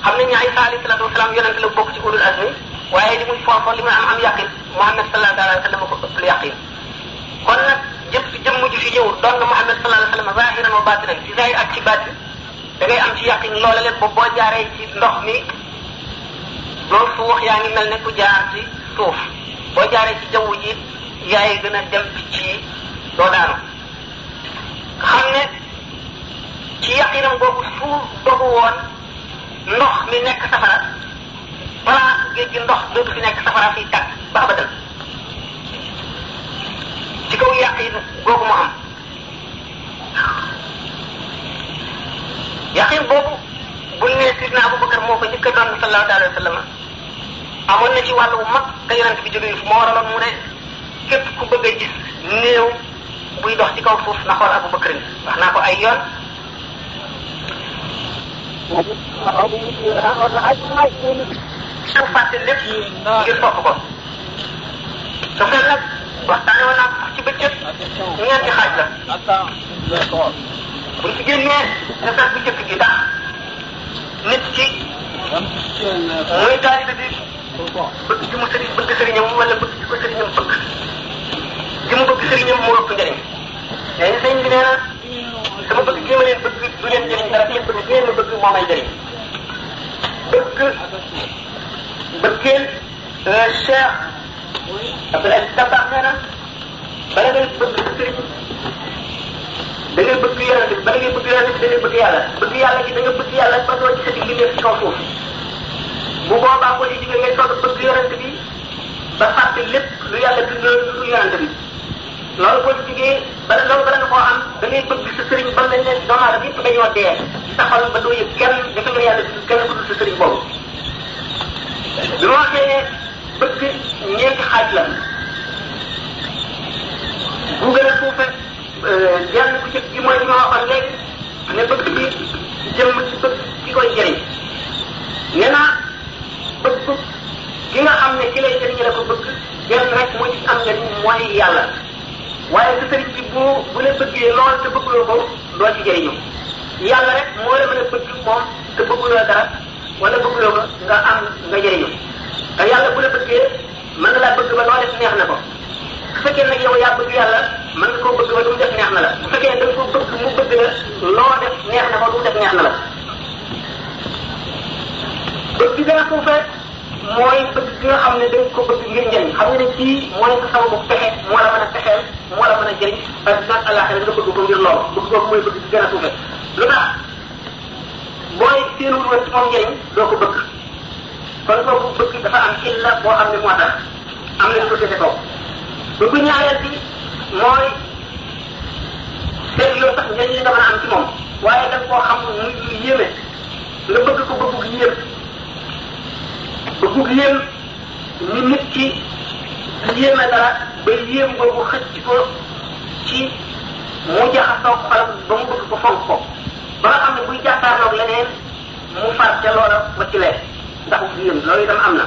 xam nañ ne Isa alayhi salaatu wasalaam yonent la bokk ci ulul azmi waaye li muy foofa li muy am am yaqin Muhammad sallallahu alayhi wa sallam ko ëpp lu yaqin kon nag jëpp jëmm ju fi ñëw doon na Muhammad sallallahu alayhi wa sallam wa batinan ci ak ci batin da ngay am ci yàqin loola lépp ba boo jaaree ci ndox mi loolu fu yaa ngi mel ne ku jaar ci suuf boo jaaree ci jaww ji yaay gën a dem picc yi doo daanu xam ne ci yàqinam boobu fu dogu woon ndox mi nekk safara balaa géej gi ndox dootu fi nekk safara fiy tàkk ba abadan ci kaw yàqin googu mu am yaqin boobu bu ne sidna Abubakar moo ko jëkk a doon sallallahu alayhi wa amoon na ci wàllu mag ka yonent bi jógee moo waraloon mu ne képp ku bëgg a gis dox ci kaw suuf na xool Abubakar ni wax naa ko ay yoon su fàtte lépp ngir sopp ko su fekk nag waxtaane woon naa ko sax ci bëccëg ñeenti xaaj la bu ci génnee na sax bu jëkk ji tax nit ki mooy taalibe bi bëgg gi mu sëriñ bëgg sëriñam wala bëgg gi ko sëriñam bëgg gi mu bëgg sëriñam moo ëpp njëriñ léegi sëriñ bi nee na sama bëgg gi ma leen bëgg du leen jëriñ dara seen bëgg gi ngeen ma bëgg moo may jëriñ bëgg bëggeel euh, Cheikh Abdoulaye Tabax nee na bala ngay bëgg sëriñ da ngay bëgg yonent bi ba da ngay bëgg yonent bi da ngay bëgg yàlla bëgg yàlla gi da nga bëgg yàlla ba doo gisati li nekk ci kaw suuf bu boobaa politique ngay soog a bëgg yonent bi ba fàtte lépp lu yàlla bind lu yonent bi loolu boo ci jigee bala loolu bala nga koo am da ngay bëgg sa sëriñ ba mel ne doomu aadama yëpp dañoo dee sa xol ba doo yëg kenn dafa nga yàlla bind kenn ku dul sa sëriñ boobu bi ma waxee ne bëgg ñeenti xaaj la bu gën a suufe Euh, lenn bu njëkk bi mooy li ma waxoon léegi ne bëgg bi jëm ci bëgg ki koy jëriñ nee naa bëgg ki nga xam ne ki lay la ko bëgg benn rek moo ci am njëriñ mooy yàlla waaye sa sëriñ bi bu bu la bëggee lool te ko doo ci yàlla rek moo la mën a bëgg moom te bëgguloo dara wala bëgguloo ko nga am nga jëriñu te yàlla bu la bëggee mën na laa bëgg ba loo def neex na ko bu fekkee nag yow yaa bëgg yàlla mën koo bëgg mu def neex na la bu fekkee da nga koo bëgg mu bëgg loo def neex na ko lu def neex na la bëgg bi gën a mooy bëgg bi nga xam ne da ko bëgg ngir njëriñ a pexeel moo a jëriñ parce a suufee lu tax booy séenul woon ci moom njëriñ doo ko bëgg kon kooku bëgg dafa am illa boo xam ne moo tax am na lu ko gëse kaw bëgg ñaareel bi mooy seetloo sax ñañ li nga mën am ci moom waaye nga koo xam muy yéeme nga bëgg ko bëggu gi yéem bëggu gi yéem ni nit ki yéeme dara ba yéem boobu xëcc ko ci mu jaxasoo xolam ba mu bëgg ko fonk ko ba nga xam ne buy jàkkaarloog leneen mu far ca loola ba ci leen ndax yéem loolu itam am na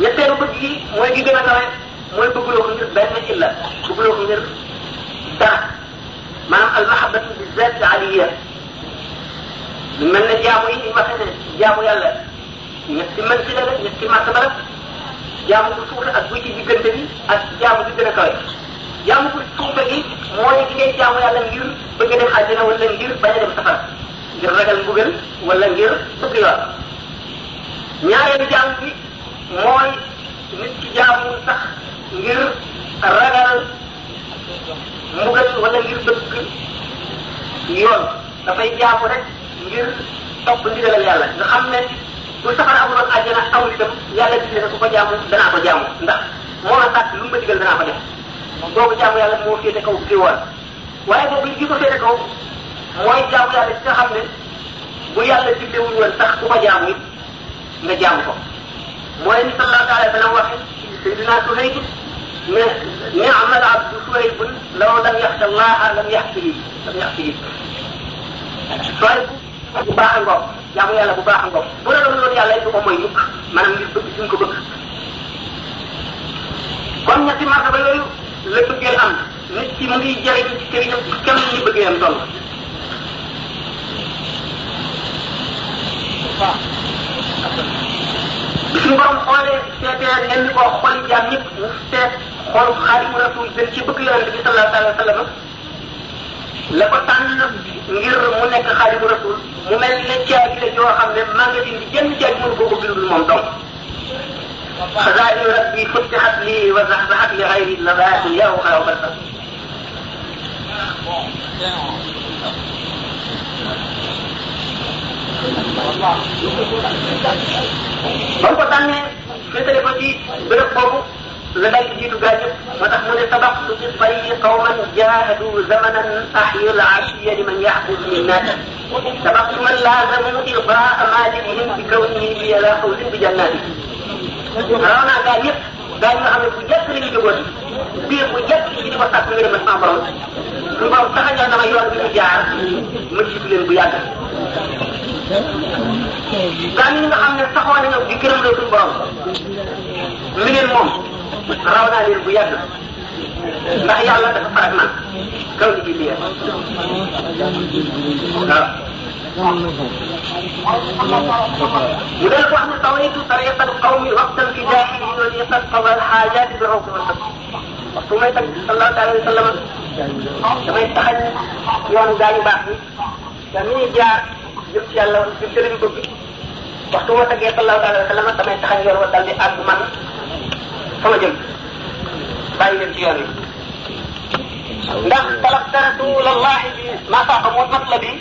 ñetteelu bëgg gi mooy gi gën a kawe mooy bëggloo ko ngir benn illa bëggloo ko ngir dara maanaam al mahabbatu bi zati aliya mel ne jaamu yi ñu waxee ne jaamu yàlla ñetti mën si la la ñetti martaba la jaamu bu suuf ak bu ci diggante bi ak jaamu bi gën a kawe jaamu bu suuf gi mooy ki ngay jaamu yàlla ngir bëgg dem àjjana wala ngir bañ a dem safara ngir ragal mbugal wala ngir bëgg yoon ñaareelu jaamu bi mooy nit ki jaamu sax ngir ragal mbugal wala ngir bëgg yoon dafay jaamu rek ngir topp ndigalal yàlla nga xam ne bu safara amuloon àjjana amul itam yàlla dina ko ko jaamu danaa ko jaamu ndax moo la sàkk lu mu ma digal danaa ko def boobu jaamu yàlla moo féete kaw géwal waaye boobu gi ko féete kaw mooy jaamu yàlla nga xam ne bu yàlla diglewul woon sax ku ko jaamu nga jaamu ko mooy ni sallallahu alayhi wa sallam waxe sayyidina Suhayb نعم العبد شعيب لو la يخش الله لم يحشه لم يحشه Suhayb bu baax a ngoog jaamu yàlla bu baax a ngoog bu la doon loolu yàlla it du ko mooy mukk maanaam ngir bëgg nga ko bëgg kon ñetti martaba yooyu la bëggeel am nit ki mu ngi jëriñu ci sëriñam ci kenn ñu bëggee am toll. bi suñu borom xoolee seetee ngeen di ko xooli jaam ñëpp mu seet xool xaadimu rasul gën ci bëgg yonent bi sallallahu alayhi wa sallam la ko tànn ngir mu nekk xaadimu rasul mu mel ne caabi la yoo xam ne maa nga dindi jënd caabi mënu koo ko bindul moom donc xasaari rabbi futtihat li wa zaxzaxat li xayri la baaxi yaw xaw barka ba mu ko tànnee féetale ko ci béréb boobu la daal di jiitu gaa ñëpp moo tax mu ne sabaqtu bi sayyi qawman jaahadu zamanan ahya al-ashiya liman yahbus min naas sabaqtu man laazamu ilqaa maalihim bi kawnihi bi ala fawzin bi jannaati raw naa gaa ñëpp daañu nga xam ne bu jekk la ñuy jógoon biir bu jekk ci di ko sàkk ngërëm sama borom lu ma taxañal dama yoon bi ñu jaar ma jiitu leen bu yàgg. daañu nga xam mi leen moom raw naa leen bu yàgg ndax yàlla dafa faral man kaw li di lii waaw. mu doon wax ne tawaytu tariqal qawmi waqtan fi jaahiliyya yataqabbal haajaati bi uqubati waxtu may tag sallallahu alayhi wa sallam damay taxañ yoonu gaañu baax bi nga mi ñuy jaar jëm ci yàlla woon ci sëriñ bëgg waxtu ma taggee sallallahu alayhi wa sallam damay taxañ yoon wa dal di àgg man sama jëm bàyyi leen ci yoon yi ndax talaqtaratu lallahi bi maa faaqa moom matlabi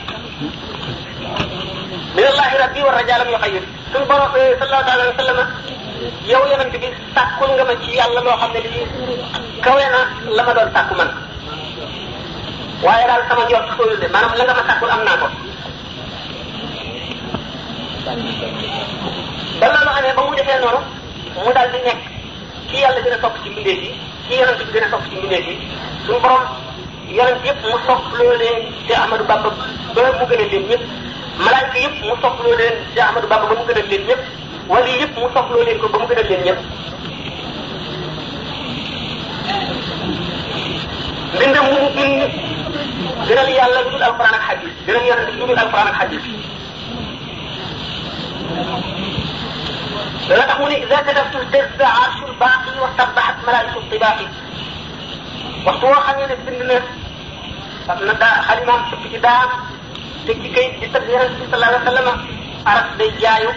minallahi rabbi wa rajaalam yuxayyir suñu borom eh, sallallahu alayhi wa sallam yow yonent bi sàkkul nga ma ci yàlla loo xam ne lii kawe na la ma doon sàkku man waaye daal sama njort sóolul am naa ko ba loolu amee ba mu defee noonu mu daal di nekk ci yàlla gën a sopp ci mbindeef yi ci yonent bi gën sopp ci mbindeef yi suñu borom yonent yëpp mu sopp loolee ci Ahmadu Bamba ba mu gën a leen ñëpp malaaka yëpp mu sofloo leen Cheikh Ahmadou Bamba ba mu gënal leen ñëpp wali yëpp mu sofloo leen ko ba mu gënal leen ñëpp. mbindam mu mu bind gënal yàlla lu dul alquran ak xadis gënal yàlla lu dul alquran ak xadis. dana tax mu ne iza kadaftul darsa arshul baaqi wa tabaxat malaaikatu tibaaqi waxtu woo xam ne bind na xam na daa xalimaam sukk ci daam. te ci kayit di tëdd yonent bi sallallahu alayhi wa sallam aras day jaayu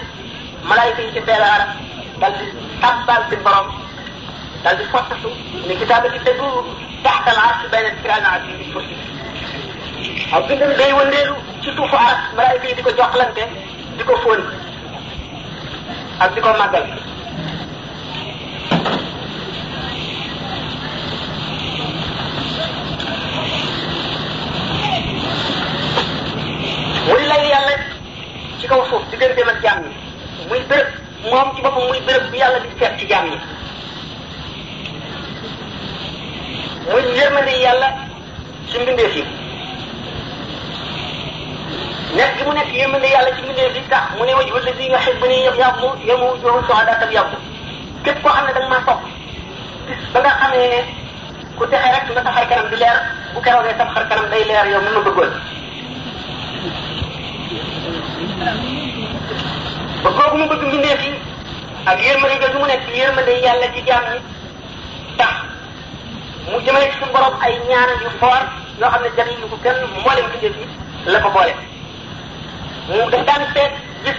malaayika yi ci teela aras dal di tàbbal si borom dal di fottatu ni kitaabati tegu taxta al arsi bayna tiraan ak bi fursi aw bindam day wëndeelu ci suufu aras malaayika yi di ko joxlante di ko fóon ak di ko màggal melayu yàlla ci kaw suuf digganteem ak jaam ñi muy béréb moom ci boppam muy béréb bi yàlla di seet ci jaam ñi muy yërmande yàlla ci mbindeef yi nekk gi mu nekk yërmande yàlla ci mbindeef yi tax mu ne wajhu lazi yuhibbuni yabmu yawma wujuhu su'adaatan yabmu képp koo xam ne da nga maa topp ba nga xamee ne ku texe rek nga sa xar kanam di leer bu keroogee sa xar kanam day leer yow mën na bëggoon ba kooku mu bëgg mbindeef yi ak yërmande jooju mu nekk yërmande yàlla ci jaam yi tax mu jëmale ci suñu borom ay ñaanal yu foor yoo xam ne jariñ yu ko kenn mboolem mbindeef yi la ko boole mu daf daan seet gis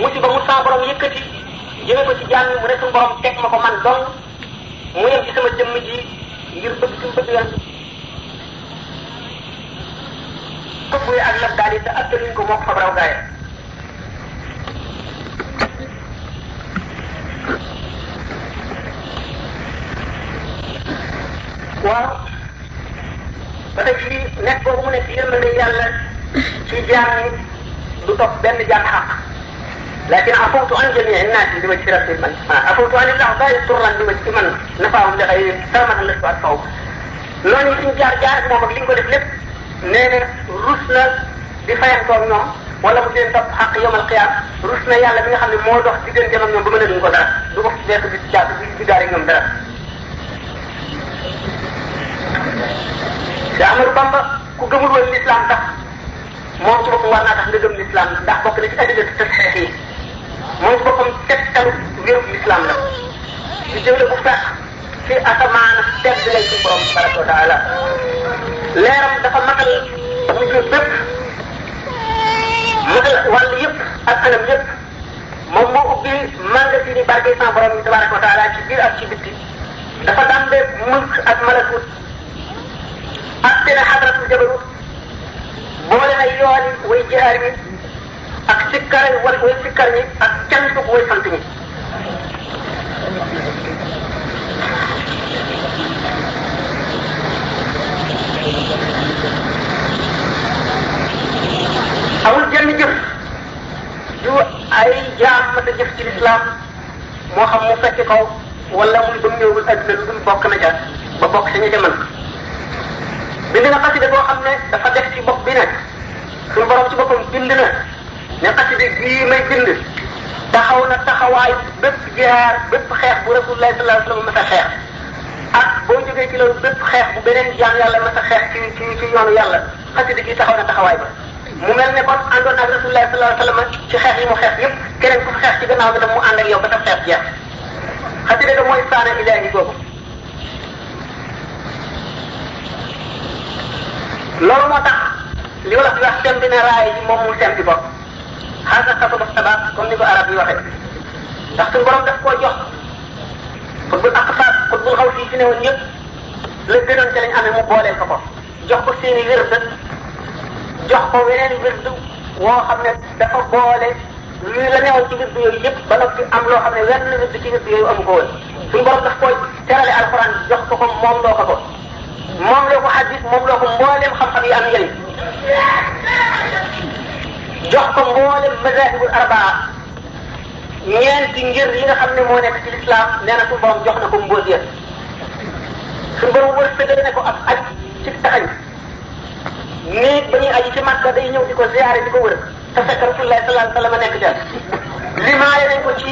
musiba mu saa borom yëkkati jëme ko ci jaam yi mu ne suñu borom teg ma ko man dong mu yem ci sama jëmm ji ngir bëgg suñu bëgg yoon këpp ak lab daal yi te mook fab raw gaaya waaw ba tey ci nekk boobu mu nekk yërmande yàlla ci jaam yi du topp benn jaam xaq lakin afawtu an jamii naas li wajhi rabbi man afawtu an illah bàyyi turran li wajhi man nafaahum li xayri tarmatan la suwaat faw noonu suñ jaar jaar moom ak li ñu ko def lépp nee na rus na di fayantoog ñoom wala mu leen topp xaq yawmal qiyaam rus na yàlla bi nga xam ne moo dox digganteem ak ñoom ba mën a duñ ko dara du ko fekk di jaar di gaare ñoom dara Cheikh Ahmadou Bamba ku gëmul woon l'islam sax moom ci boppam war tax nga gëm l'islam ndax bokk na ci addigat tasxeex yi moom ci boppam settalu wéru l'islam la di jëw la bu sax ci asamaan tedd lay ci borom tabaraka wa taala leeram dafa matal mu jur bépp matal wàll yëpp ak anam yëpp moom moo ubbi magasin yi barke sans borom yi tabaraka wa taala ci biir ak ci bitti dafa ak dina xadratul jabarut boole na yooni way jihaar yi ak sikkar way way sikkar ñi ak cantuk way sant ñi amul jenn jëf du ay jaam mata jëf ci lislaam moo xam mu fekk kaw wala muy ba mu ñëwul adduna lu dul bokk na ca ba bokk sañu ca mën bind na xasida boo xam ne dafa def ci bopp bi nag suñu borom ci boppam bind na ne xasida bii may bind taxaw na taxawaay bépp jihaar bépp xeex bu rasulullah sallallahu alayhi wasallam mas a xeex ak boo jógee ci loolu bépp xeex bu beneen jaam yàlla mas a xeex ci ci ci yoonu yàlla xasida gi taxaw na taxawaay ba mu mel ne kon àndoon ak rasulullah sallallahu alayhi wasallam ci xeex yi mu xeex yëpp keneen ku fi xeex ci gannaaw bi tam mu ànd ak yow ba sa xeex jeex xasida ga mooy saana ilaahi boobu loolu moo tax li wolof di wax sempi na raay bi moom mu sempi bopp xaaral xasaba sabab comme ni arab yi waxee ndax suñu borom daf koo jox xutbul aqtaab xutbul xaw fii fi ne woon yëpp la gënoon ca lañ amee mu booleel ko ko jox ko seeni wird jox ko weneen wird woo xam ne dafa boole lii la newoon ci wird yooyu am loo xam ne wenn wird ko woon suñu borom daf jox ko ko moom loo ko ko moom loo ko hadis moom loo ko mboolem xam-xam yi am njëriñ jox ko mboolem mazahibul arbaa ñeenti ngir yi nga xam ne moo nekk ci lislaam nee na suñu borom jox na ko mbóot ya suñu borom wërsëgale na ko ak aj ci taxañ néeg ba ñuy aji ci Makka day ñëw ko ziyaare di ko wër te fekk Rasulullah sallallahu alayhi wa sallam nekk ca limaale nañ ko ci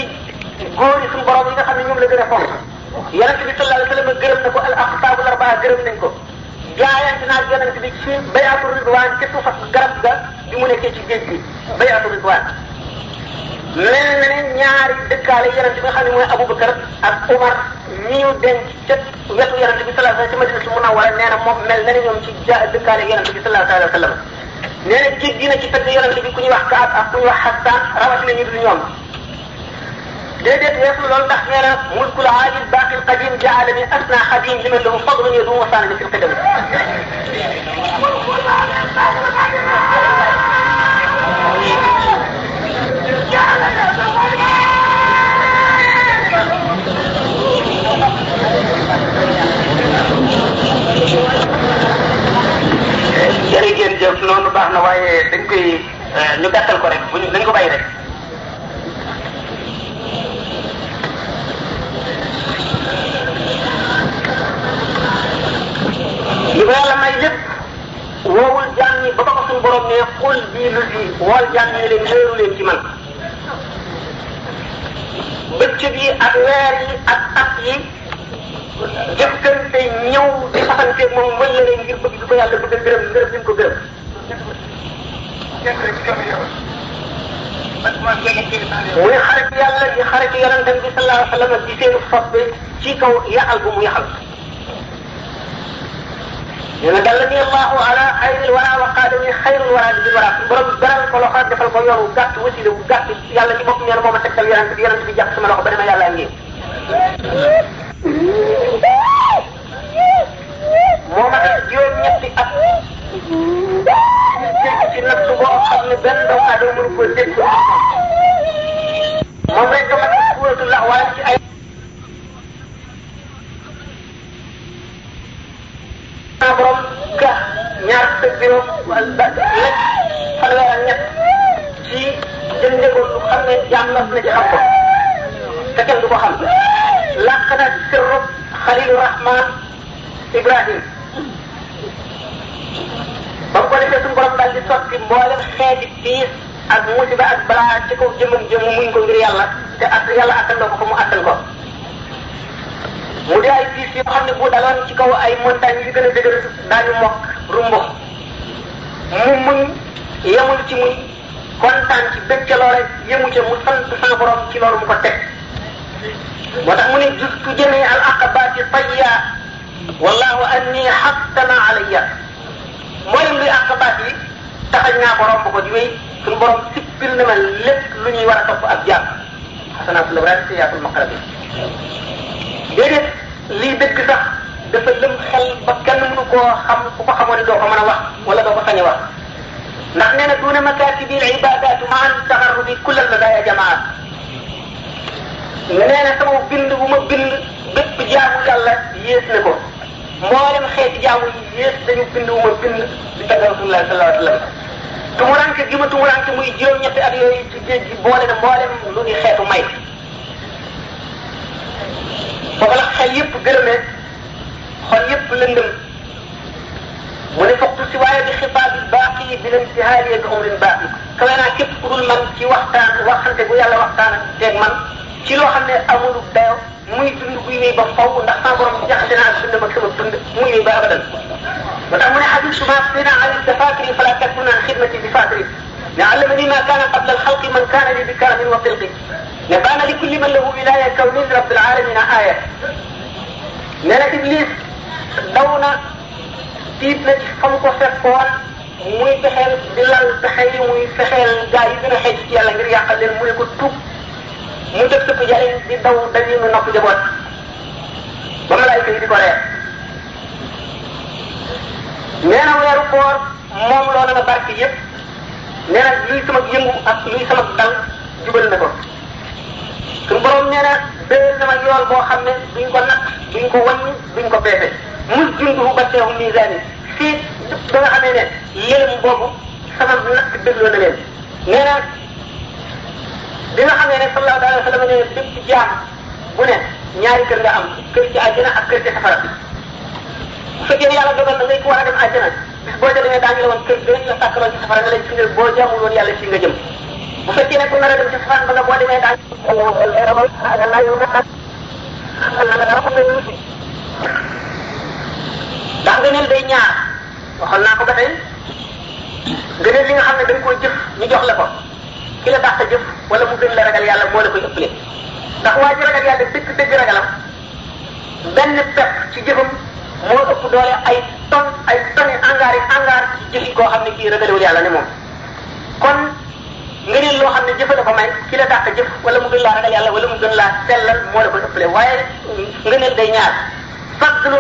góor yi suñu xam ne ñoom la gën a yonent bi sallallahu alayhi wasallam gërëm na ko al aqtaabu l arbaa gërëm nañ ko jaayante naag yonent bi ci bayaatu ridwaan ci tuufas garab ga bi mu nekkee ci géej gi bayaatu ridwaan mel na ne ñaari dëkkaale yonent bi nga xam ne mooy Aboubacar ak Umar ñi ñu denc ca wetu yonent bi sallallahu alayhi wasallam ci Madinatul Munawwara nee na moom mel na ne ñoom ci ja dëkkaale yonent bi sallallahu alayhi wasallam nee na géej gi na ci fekk yonent bi ku ñuy wax Kaab ak ku ñuy wax Hassan rawatina ñu dul ñoom déedéet weesul a ndax nee na mulkul aajil baaqil qadim jaalani asna xadim liman lahu fadlun yadum wa saani fi lqidam jërëjëf noonu baax na waaye dañ koy euh, ñu gàttal ko rek bu ñu dañ ko bàyyi rek. ko yàlla may lépp woowul jaam ñi ba ba ko suñu borom ne xul bii lu ji wool jaam ñi ne leen leeru leen ci man bëccëg yi ak weer yi ak at yi jëkkante ñëw di saxanteeg moom wëlle leen ngir bëgg di ko yàlla bëgg a gërëm gërëm di ko gërëm. muy xarit yàlla di xarit yonentam bi sallallahu alayhi wa sallam di seen fas ci kaw yaxal bu mu nee na dal ni allahu ala xayril wara wa qaadami xayril wara bi wara borom beral ko loxo defal ko yoru gàtt wasila bu gàtt yàlla ci bopp nee na moo ma tegtal yonent bi yonent bi jàpp sama loxo ba dama yàlla ngi moo ma def juróom ñetti at ci nag su boo xam ne benn doomu aadama mënu ko dégg moom rek dama def wóoratu lax waaye ci ay ak juróom wala ba lépp fanweer ak ñett ci jëndee ko lu xam ne jaam na na ci xam ibrahim ba ko defee suñu borom daal di sotti mboolem xeeti tiis ak musiba ak balaa ci kaw jëmmam jëmm muñ ko ngir yàlla te at yàlla attan mu attan ko mu di ay tiis yoo xam ne bu daloon ci kaw ay montagne yu gën a dëgër daañu mokk rumbo mu muñ yemul ci muñ kontaan ci bëgg ca loole yemu ca mu sant sa borom ci loolu mu ko teg moo tax mu ne justu jëmee al aqabati tayya wallahu anni xattana alayya mooy luy aqabaat yi taxañ naa ko ko di wéy suñu borom sippil na ma lépp lu ñuy war a topp ak jàmm xasanaatul abraar sayyiaatul muqarrabin déedéet lii sax dafa lëm xel ba kenn mënu koo xam ku ko xamoon doo ko mën a wax wala doo ko sañ a wax ndax nee na duuna makaasibil ibadaatu maan taxarrubi kullal madaaya jamaat nee na sama bind bu ma bi bépp jaamu yàlla yées na ko mboolem xeeti jaamu yi yées dañu bind bu ma bind di taggal rasulullah sallallahu alayhi wa sallam ñetti at boole na mboolem lu ni xeetu may foofu la xel yëpp gërëmee xol yëpp lëndëm mu ne foog si waaye bi xibaabil baax yi di leen si xaaree bi umrin baax yi. kawe naa képp ku dul man ci waxtaan waxante bu yàlla waxtaan ak teeg man ci loo xam ne amul dayo muy dund buy wéy ba faw ndax sama borom jaxase naa ak dund ak sama dund muy wéy ba abadan. ba tax mu ne xadisu ma sina ali dafatiri fala takun an xidmati bi fatiri ne allamani ma kaana qabla alxalqi man kaana li bi karamin wa xilqi ne baana li kulli man lahu wilaya kawnin rabbil alamina aaya nee na iblis daw na tiit na ci xam ko fekkoon muy fexeel di lal pexe yi muy fexeel gaa yi gën a xeej ci yàlla ngir yàqal leen mu ne ko tuub mu def sëpp jariñ di daw dañuy mu nopp jaboot ba malaayka yi di ko reer nee na weeru koor moom loola na barke yépp nee na luy sama yëngu ak luy sama dal jubal na ko suñu borom nee na béyal sama yool boo xam ne duñ ko natt duñ ko wàññi duñ ko peese mos junduhu ba teewu misaan yi fii ba nga xamee ne yélam boobu sama natt dégloo na leen nee na bi nga xamee ne sallallahu alayhi wa sallam nee na bépp jaam bu ne ñaari kër nga am kër ci àjjana ak kër ci safara bu fekkee ne yàlla dogal na ngay ko war a dem àjjana bis boo demee daañu la woon kër gi la sàkkaloo ci safara nga leen fi boo jaamul woon yàlla ci nga jëm bu fekkee ne ku nar a dem ci safaan ba nga boo demee daal. ndax ngëneel day ñaar waxoon naa ko ba tey ngëneel nga xam ne dañ koo jëf ñu jox la ko ki la wala mu gën la ragal yàlla moo la koy ëppale ndax waa ji ragal yàlla dëgg dëgg ragalam benn pepp ci jëfam moo ëpp doole ay ton ay toni angaar yi angaar ci koo xam ne kii ragalewul yàlla ne moom kon ngëneel loo xam ne jëfale ko may ki la dàq jëf wala mu gën laa ragal yàlla wala mu gën sellal moo la ko ëppale waaye ngëneel day ñaar nga xam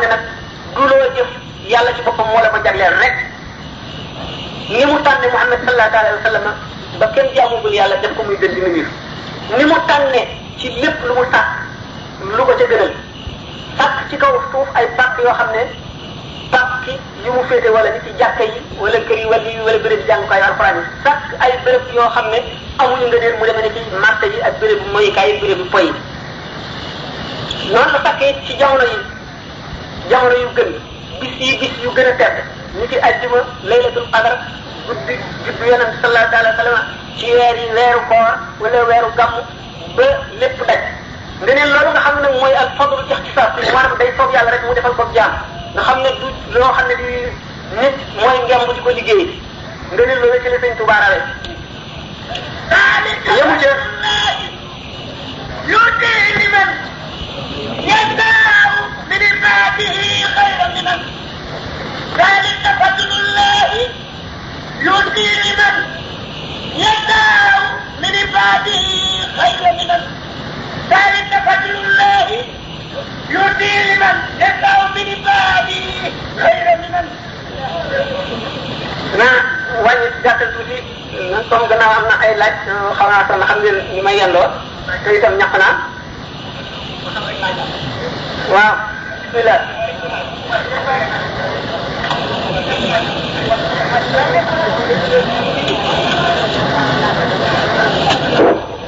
ne nag du loo jëf yàlla ci boppam moo la ko jagleel rek ni mu tànne Muhammad sallallahu alayhi wa sallam ba kenn jaamugul yàlla def ko muy gën di nuyu ni mu tànne ci lépp lu mu sàkk lu ko ca gënal sàkk ci kaw suuf ay sàkk yoo xam ne parce li mu féete wala li ci jàkka yi wala kër yi wala yi wala béréb jàngukaayu alxuraan yi ay bërëb yoo xam ne amuñu nga neen mu demee ne ci marché yi ak bérébu moyukaay ak bérébu poy yi noonu la sakkee ci jamono yi jamono yu gën bis yi bis yu gën a tedd ni ci ajjuma laylatul qadar guddi juddu yonent sallallahu alayhi wa sallam weer yi weeru koor ba lépp daj nga neen loolu nga xam ne mooy al fadlu ixtisaas bi maanaam day soob yàlla rek mu defal ko jaam nga xam ne du loo xam ne di nit mooy ngemb di ko liggéey nga ne loolu ci la sëñ Tuubaa rawe yemu ca lu tee li man yadaaw min ibaadihi xayra minan dalika fadlullahi yuti liman yadaaw min ibaadihi xayra minan dalika fadlullahi يؤتي لمن يدفع من بابه غير لمن naa wàññi gàttal tuuti man comme gannaaw am na ay laaj xaw naa sax xam ngeen ñu may yendoo te itam ñaq naa waaw bismillah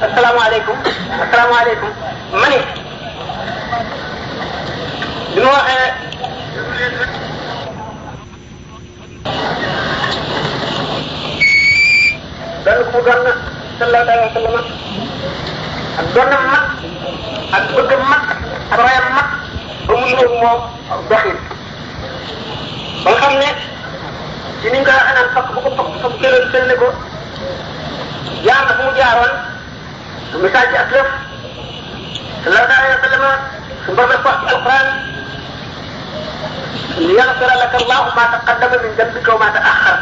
asalaamaaleykum asalaamaaleykum ma ni moom aw doxin ba nga xam ne ci niñ koy anam fakk bu ko fakk fakk këral sël ne ko jaar na fu mu jaaroon su misaal ci ak lëf sallallahu alayhi wa sallam su mbor def wax ci alquran li yaxfira laka allahu ma taqaddama min dambika wa ma taaxar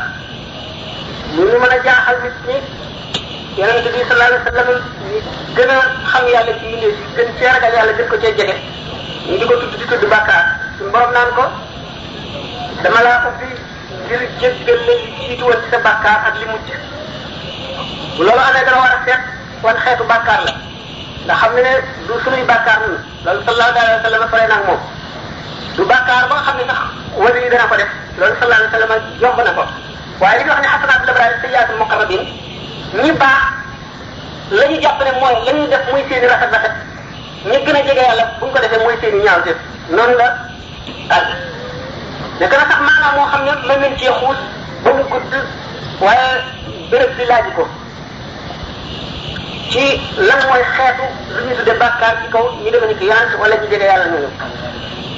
mu ñu mën a jaaxal nit ñi yonente bi sallallahu alayhi wa sallam ñu gën a xam yàlla ci mbindeef yi gën cee ragal yàlla gën ko cee jege ñu di ko tudd di tudd bàkkaar suñu borom naan ko dama laa ko fi ngir jéggal la li jiitu woon ci sa bàkkaar li mujj bu loolu amee dana war a seet wan xeetu bàkkaar la nga xam ne du suñuy bàkkaar ñun loolu sallallahu alayhi wa sallam sore nag moom du bàkkaar ba xam ne nax wali yi dana ko def loolu sallallahu alayhi wa sallam yomb na ko waaye li ñu xam ne xasanaat labraari sayyiatul muqarrabin ñi baax la ñu jàpp ne mooy la ñuy def muy seeni rafet rafet ñi gën a jege yàlla bu ko defee mooy seen i ñaaw jëf noonu la ah mais gën a sax maanaam moo xam ne mën nañ cee xuus ba mu gudd waaye béréb bi laaj ko ci lan mooy xeetu lu ñu tuddee bàkkaar ci kaw ñu demee ni ki yonent wala ñu jege yàlla ñooñu.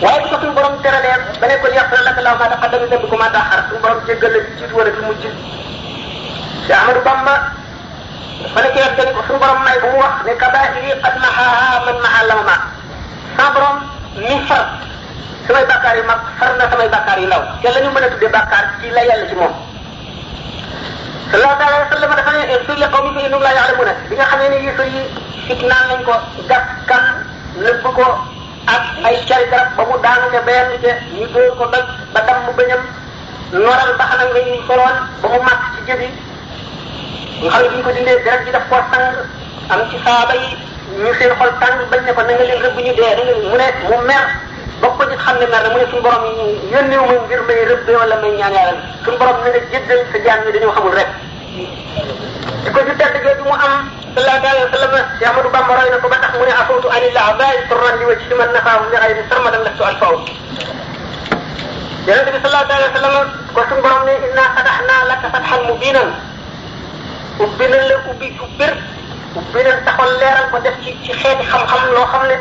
waaye bu ko suñu borom teralee ba ne ko yàqal naka laaw maa tax a dem dem ko maa taxar suñu borom jéggal la jiitu wala fi mujj ci Amadou Bamba. fa la cee teg suñu borom may bu mu wax ne kabaa'iri qad maxaaha man maxaa lawma sama borom mi samay bàkkaar yu mag far na samay bàkkaar yu ndaw te la ñu mën a tuddee bàkkaar ci la yàlla ci moom. sallallahu taala wa sallam dafa ne sur li qawmi fa innahum la ya'lamuuna bi nga xamee ne yéefar yi fitnaan nañ ko gas kan nëbb ko ak ay cari garab ba mu daanu ne benn ca ñu dóor ko doj ba damm bëñam noral ba xanaa nga ñu soloon ba mu màtt ci jëbi. nga xam ne bu ñu ko dindee deret ji daf koo sang am ci saaba yi ñu seen xol tàng bañ ne ko na nga leen rëbb ñu dee da nga mu ne mu mer ba ko nit xam ne mer na mu ne suñu borom yi yónneewu ma ngir may rëbbee wala may ñaanaaral suñu borom na nga jéggal sa jaam ñi dañoo xamul rek. di ko ci tedd jooju mu am sallallahu alayhi wa sallam si Amadou Bamba roy na ko ba tax mu ne afootu anil a'daa'i turran li wajhi man nafaahu li ghayri sarmadan lastu alfaw yonente bi sallallahu alayhi wa sallam ko suñu borom ne inna fatahna laka fathan mubinan ubbi nañ la ubbi bu bir ubbi nañ taxoon leeral ko def ci ci xeeti xam-xam loo xam ne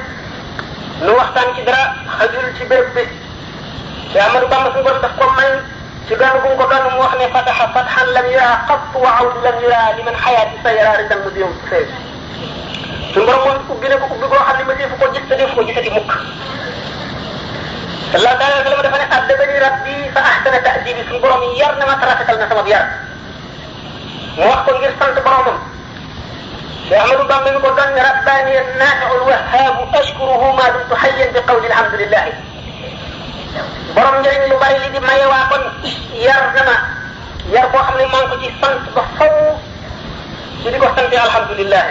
lu waxtaan ci dara xajul ci béréb bi te Amadou Bamba suñu borom daf ko may ci doon bu ko doon mu wax ne fataxa fatxan lam la qatt wa awdu lam yura li man xayaati sa yara ridan mu diom fee suñu borom moom ubbi na ko ubbi boo xam ne masi fu ko gis te def ko gisati mukk sallallahu alayhi wa sallam dafa ne addabani rabbi fa ahsana ta'dibi suñu borom yar na ma rafetal na sama yar mu wax ko ngir sant boromam Cheikh Ahmadou Bamba ni ko dan rabbani annaafiu alwahaabu ashkuruhu ma dumtu hayyan bi qawli alhamdulillah borom njëriñ lu bari li di maye waa kon yar na ma yar boo xam ne maa ngi ko ci sant ba faw ci di ko sante alhamdulillah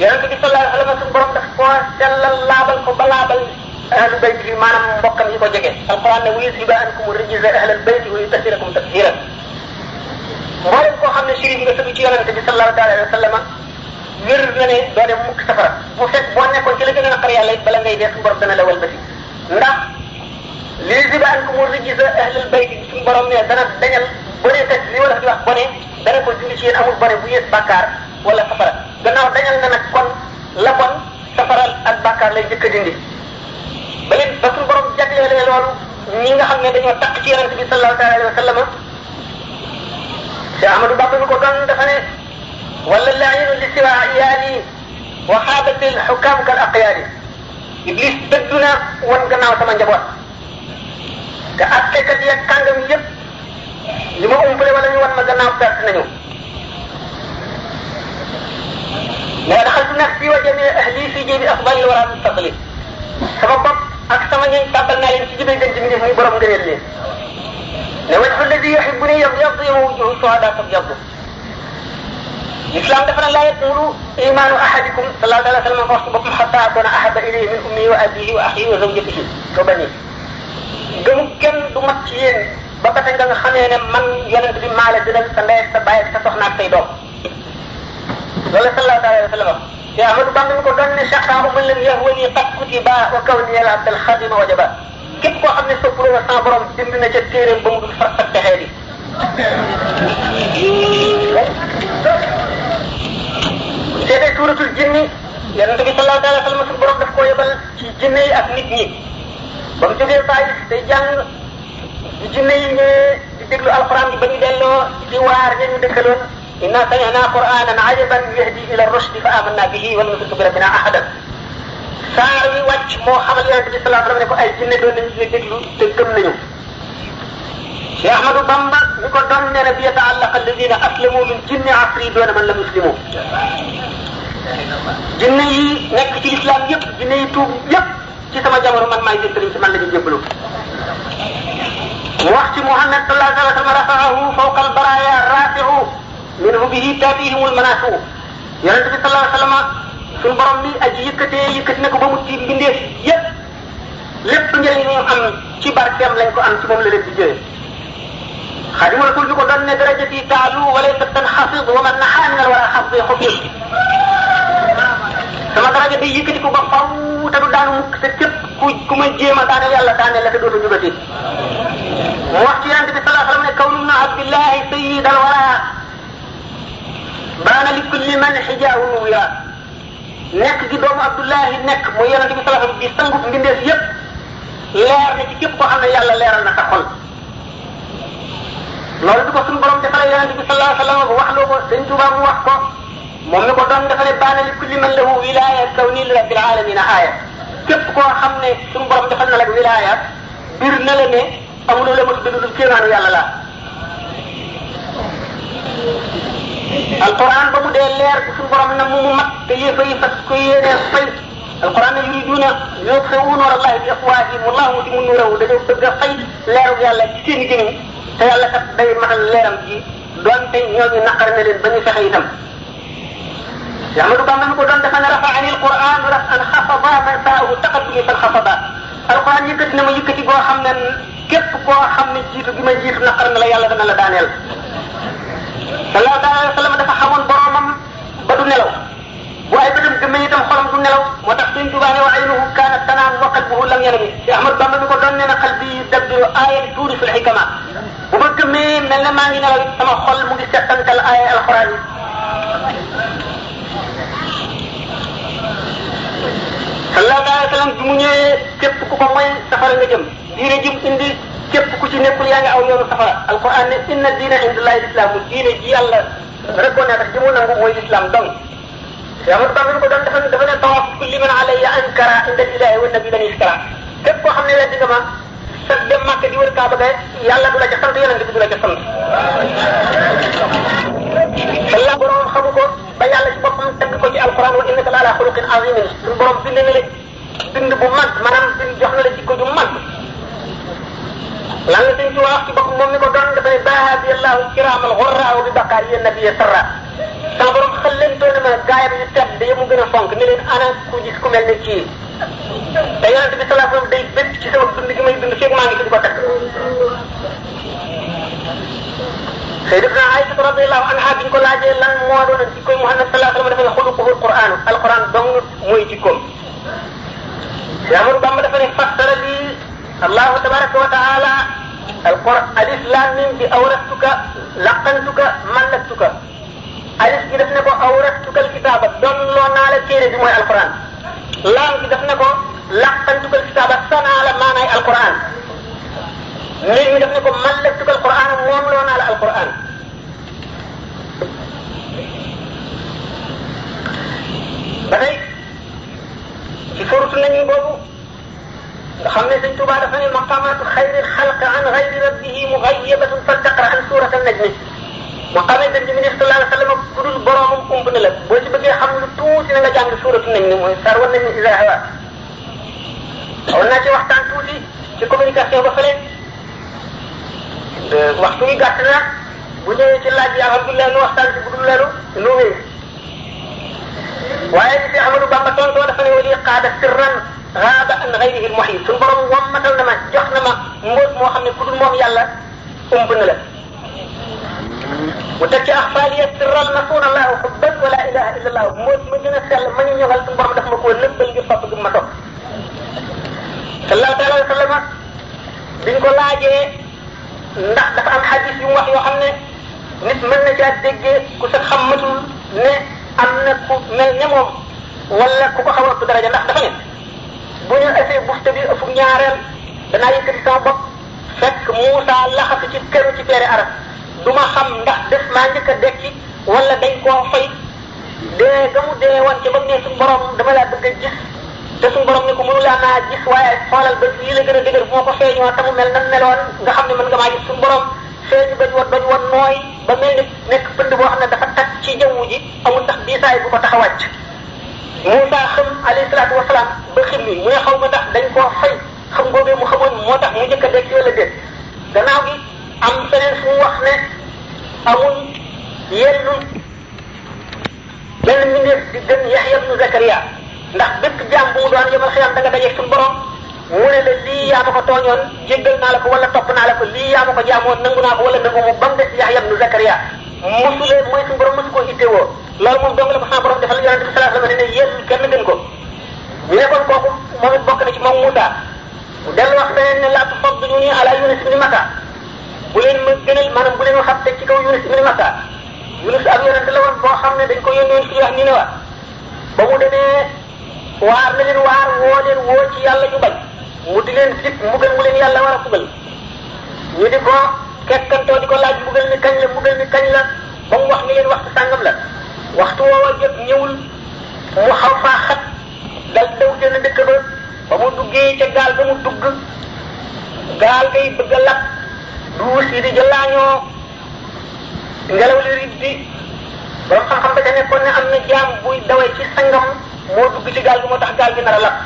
yonente bi sallallahu alayhi wa sallam suñu borom daf koo sellal laabal ko ba laabal ahlu bayt bi maanaam mbokkam yi ko jege alquran ne wa yuzhiba ankum rijza ahlal bayti wa yutahhirakum tatheera mboolem koo xam ne sëriñ nga sëgg ci yonente bi sallallahu alayhi wa sallam wér na ne doo dem mukk bu fekk boo nekkoon ci la gën a naqar yàlla it bala ngay dee suñu borom dana la walbati ndax li di daan ko mu rijisa ahlul bayt bi suñu borom ne dana dañal bone teg li wala di wax bone dana ko dindi ci yéen amul bone bu yées bàkkaar wala safara gannaaw dañal na nag kon la bon safara ak bàkkaar lay jëkk a dindi ba leen ba suñu borom jaglee loolu ñi nga xam ne dañoo takk ci ala bi sallallahu alayhi Cheikh Ahmadou Bamba ko kan dafa ne wala laayinu li siwa iyaani wa xaabatil xukaam kal aqyaani iblis dëddu na wan gannaaw sama njaboot te attekat ya kàngam yëpp li ma umpale wala ñu wan ma gannaaw perte nañu mais daxaltu nafsi wa jamii ahli fi jibi afdalil wara min fadli sama bopp ak sama ñeñ tàbbal naa leen ci jibee gën ci mi def muy borom ngëneel leen wajhu allazi yuhibbuni yabyaddu wa wujuhu suwada tabyaddu islam dafa ne laa yaqulu imaanu ahadikum sallallahu alayhi wa sallam wax ci boppam xataa akoona ahaba ilayhi min ummi wa abihi wa axihi wa zawjatihi ko bañi gëmu kenn du mat ci yéen ba ba tey nga xamee ne man yonent bi maa la gënal sa ndey ak sa baay ak sa soxna ak say doom loolu sallallahu alayhi wa sallam te Amadou Bamba ñu ko doon ne shaqaa man lam yahwani qad kutiba wa kawni al abd al xadima wajaba képp koo xam ne sopp na sa borom bind na ca téeréem ba mu dul far ak texee bi. seetee suuratul jinni yonente bi sallallahu alayhi wa sallam suñu borom daf koo yebal ci jinne yi ak nit ñi ba mu jógee Faayis day jàng di jinne yi ñëwee di déglu alxuraan bi ba ñu delloo di waar ña ñu dëkkaloon inna sami'na qur'anan ajaban yahdi ila rushdi fa amanna bihi wa lan nushrik bi rabbina ahadan saar wi wàcc moo xamal yonent bi sallallahu alayhi wa sallam ne ko ay jinne doon nañu ñu déglu te gëm nañu Cheikh Ahmadou Bamba ñu ko doon nee na bi yata'allaqa alladhina aslamu min jinni asri doona man la muslimu jinne yi nekk ci islam yëpp jinne yi tuub yëpp ci sama jamono man maay jël sëriñ ci man la ñu jébbalu mu wax ci Muhammad sallallahu alayhi wa sallam rafa'ahu fawqa al-baraya rafi'u minhu bihi tabi'ihum al-manasu yonent bi sallallahu alayhi wa sallam suñu borom mi aji yëkkatee yëkkati na ko ba mu ci bindeef yépp lépp njëriñ ñu am ci barkeem lañ ko am ci moom la leen di jëlee xadimu rasul ñu ko doon ne darajati taalu wala sa tan xafid wa man naxaa min al wara xafid xob yëpp sama daraja day yëkkati ko ba faw te du daanu mukk te képp ku ku ma jéem a daane yàlla daane la te dootu jugati mu wax ci yonente bi salaa sallam ne kawnu na abdillahi sayid al wara baana li kulli man xijaahu yaa nekk gi doomu Abdullahi nekk mooy yonente bi sallallahu alayhi wasallam di sangu mbindeef yépp leer na ci képp koo xam ne yàlla leeral na sa xol loolu du ko suñu borom defalee yonente bi sallallahu alayhi wasallam wax loo ko sëñ Tuubaa mu wax ko moom mi ko doon defalee baana li kulli man lahu wilaya kawni li rabbil alamina aaya képp koo xam ne suñu borom defal na la wilaya bir na la ne amuloo la ma tudd lu kéemaanu yàlla la alquran ba mu dee leer bu suñu borom na mu mu mat te yéefa yi fas ko yéenee fay alquran na yuriduna yutfi'u nuura llahi bi afwaahihim wallahu mutimmu nuurihi dañoo bëgg a fay leeru yàlla ci seen i gémmiñ te yàlla kat day matal leeram ji doonte ñooñu naqar na leen ba ñu fexe itam. Ahmadu Bamba mi ko doon dafa ne rafa anil quran rafan xafada man saahu taqaddumi fan xafada alquran yëkkati na ma yëkkati boo xam ne képp koo xam ne jiitu bi ma jiitu naqar na la yàlla dana la daaneel. sallallahu alayhi wa sallam dafa xamoon boromam ba du nelaw waaye ba dem gëmmee itam xolam du nelaw moo tax Sëriñ Tuubaa ne wa aynuhu kaanat tanaam wa qalbuhu lam yanam si Ahmad Bamba mi ko doon nee na xal bi dabdiru aayat tuuri fil xikama bu ma gëmmee mel na maa ngi nelaw te sama xol mu ngi settantal aaya alxuraan yi sallallahu alayhi wa sallam bi mu ñëwee képp ku ko mooy safara nga jëm diine jëm indi képp ku ci nekkul yaa ngi aw yoonu safara alquran ne inna diina indallahi lislaam mu diine ji yàlla reconnaître ji mu nangu mooy lislaam dong yamul ba ko doon dafa dafa ne tawaf kulli man alayya ankara inda ilahi wa nabi dañuy iskara képp koo xam ne weddi nga ma sa dem màkk di wër kaaba ga yàlla du la ca sant yonent bi du la ca sant yàlla borom xamu ko ba yàlla ci boppam tagg ko ci alquran wa innaka la ala xuluqin azimin suñu borom bind na la bind bu mag maanaam bind jox na la jikko ju mag lan la Sëriñ Tuubaa wax ci bopp moom mi ko doon dafa ne baahabi allahu kiraamal xurraa bi baqaa yi nabiye sarra sama borom xel leen doon na ma gaayam yu tedd yi mu gën a fonk ni leen ana ku gis ku mel ne kii te yonente bi salaa sallam day bépp ci sama dund gi may dund feeg maa ngi fi di ko teg Sayyidatuna Aïcha radiyallahu anha bi ñu ko laajee lan moo doon jikkoy Muhammad salaa sallam dafa ne xuluquhu alquran alquran dong mooy jikkoom Amadou Bamba dafa ne fassara lii allahu tabaraka wa taala alqur alif lam mim bi awrastuka laqantuka mallaktuka alif gi def ne ko awrastuka alkitaaba dolloo naa la téere bi mooy alquran laam gi def ne ko laqantuka alkitaaba sanaa la maanaay alquran mbir mi def ne ko mallaktuka alquran moom loo naa la alquran ba tey ci fortu nañu boobu nga xam ne sëñ Tuubaa dafa ne maqaamaatu xayri xalq an xayri rabbihi muxayyabatun fa taqra an suurat an-najm maqaame dem ci ministre sallallahu alayhi wa sallam ku dul boromam ump na la boo ci bëggee xam lu tuuti na nga jàng suuratu najm mooy sar wan najmi izaa hawaa xawoon naa ci waxtaan tuuti ci communication ba fële euh, waxtu wi gàtt na bu ñëwee ci laaj bi alhamdulilah nu waxtaan ci bu dul lalu nu wéy waaye li fi Amadou Bamba tontoo dafa ne wali qaada sirran raaba an xayrihi al muhyi suñu borom wammatal na ma jox na ma mbóot moo xam ne ku dul moom yàlla umb na la. mu teg ci axfaali yasirran a laahu xubban wa laa ilaha illa allah mbóot ma gën a sell ma ñu ñëwal suñu borom ma koo lëmbal ngir sopp gi ma topp. sallallahu alayhi wa sallam biñ ko laajee ndax dafa am xadis yu mu wax yoo xam ne nit mën na caa déggee ku sa xam matul ne am na ku mel ne moom wala ku ko xaw a ëpp daraja ndax dafa ne. bu ñu ëffee buxte bi ëpp ñaareel danaa yëkkati sama bopp fekk Moussa laxatu ci këru ci teere arab du ma xam ndax def maa njëkk a dekki wala dañ koo fay dee ga mu dee ci ba mu ne suñu borom dama a gis naa gis xoolal ba lii la gën a dëgër moo ko feeñoo te mu mel nan meloon nga xam ne mën nga maa gis suñu borom feeñu bañ woon bañ woon nooy ba mel ni nekk pënd boo xam ne dafa tag ci jaww ji amul sax diisaay bu ko tax a wàcc Moussa xam alayhi salaatu wasalaam ba xim mu ne xaw ma ndax dañ koo fay xam boobee mu xamoon moo tax mu njëkk a dekk wala déet gannaaw am feneen fu mu ne amul yellul benn mbindeef di gën Yaxya ibnu Zakariya ndax bépp jaam bu mu doon yemal xiyam da nga daje suñu borom mu ne la lii yaa ma ko tooñoon jéggal naa la ko wala topp naa la ko lii yaa ma ko jaamoon nangu naa ko wala koo ittewoo loolu moom dong la ko sama borom defal yonente bi sallallahu alayhi wa sallam ne yéen kenn gën ko ñu nekkoon kooku moom it bokk na ci moom Moussa mu dellu wax beneen ne ñu ne ala Yunus ibn Matta bu ne dañ ko yónnee wax ne wa ba mu demee waar na leen waar woo leen woo ci yàlla ñu bañ mu di leen sip mbugal mu leen yàlla war a fugal ñu di ko kekkantoo di ko laaj mbugal mi kañ la mbugal mi kañ la ba mu wax ni leen waxtu sàngam la. waxtu woowa jot ñëwul mu xaw faa xat dal daw jënd dëkk ba ba mu duggee ca gaal ba mu dugg gaal ngay bëgg a lab duus yi di jëlaañoo ngelaw li rib bi borom xam-xam ba ca nekkoon ne am na jaam buy daway ci sangam moo dugg ci gaal bi moo tax gaal bi nar a lab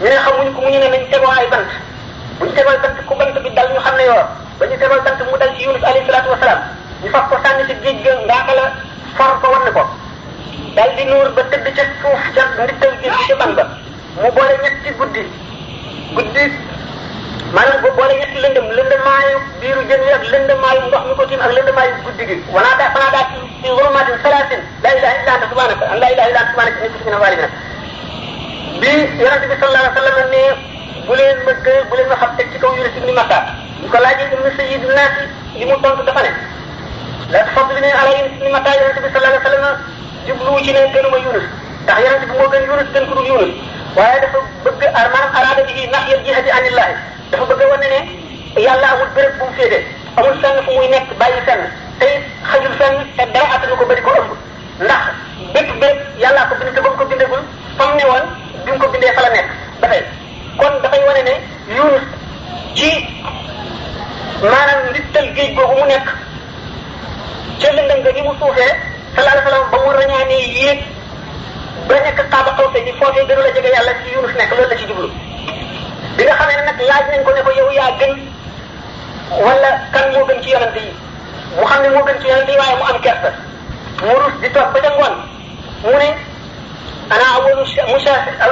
ñu ne xamuñ ko mu ñu ne nañ tegoo ay bant buñ tegoo bant ku bant bi dal ñu xam ne yoor ba ñu tegoo bant mu dal ci yunus alayhi salaatu wasalaam ñu fab ko sànni ci géej ga ngaa la for ko wan ko dal di nuur ba tëdd ca suuf ca ndittal gi ca ban ba mu boole ñetti guddi guddi maanaam bu boole ñetti lëndëm bi biiru jën yi ak lëndëmaayu ndox mi ko tiim ak lëndëmaayu guddi gi wanaa daa fanaa daa ci xurumaatin salaasin laa ilaha illa anta subhanaka an laa ilaha illa anta subhanaka inni kuntu mina zalimin bi yonente bi sallallahu alayhi wa sallam ne bu leen ma gër bu leen ma xam la fadli ne ala yunus ni mataa yonente bi sallallahu alayhi wasallam jubluwu ci ne gënuma yunus ndax yonente yunus waaye dafa bëgg maanaam araada bi nax yal jihadi anillahi dafa bëgg a wane ne yàlla amul béréb bu mu féete amul fenn fu muy nekk bàyyi fenn te xajul fenn te dara ko ba di ko ëmb ndax bépp béréb yàllaa ko bind te ba mu ko bindagul fa mu ne woon bi mu ko bindee fa la nekk ba tey kon dafay wane yunus ci maanaam ndittal géej googu mu nekk ca lëndëm nga ni mu suufee sallallahu alayhi wa sallam ba mu ràññaanee yéeg ba nekk xaaba xaw sa ni foofee gënu la jege ci Yunus nekk loolu la ci bi nga xamee ne nag laaj nañ ko ne ko yow yaa gën wala kan moo ci yonante yi mu mu am kersa mu di toog ba ca ana awalu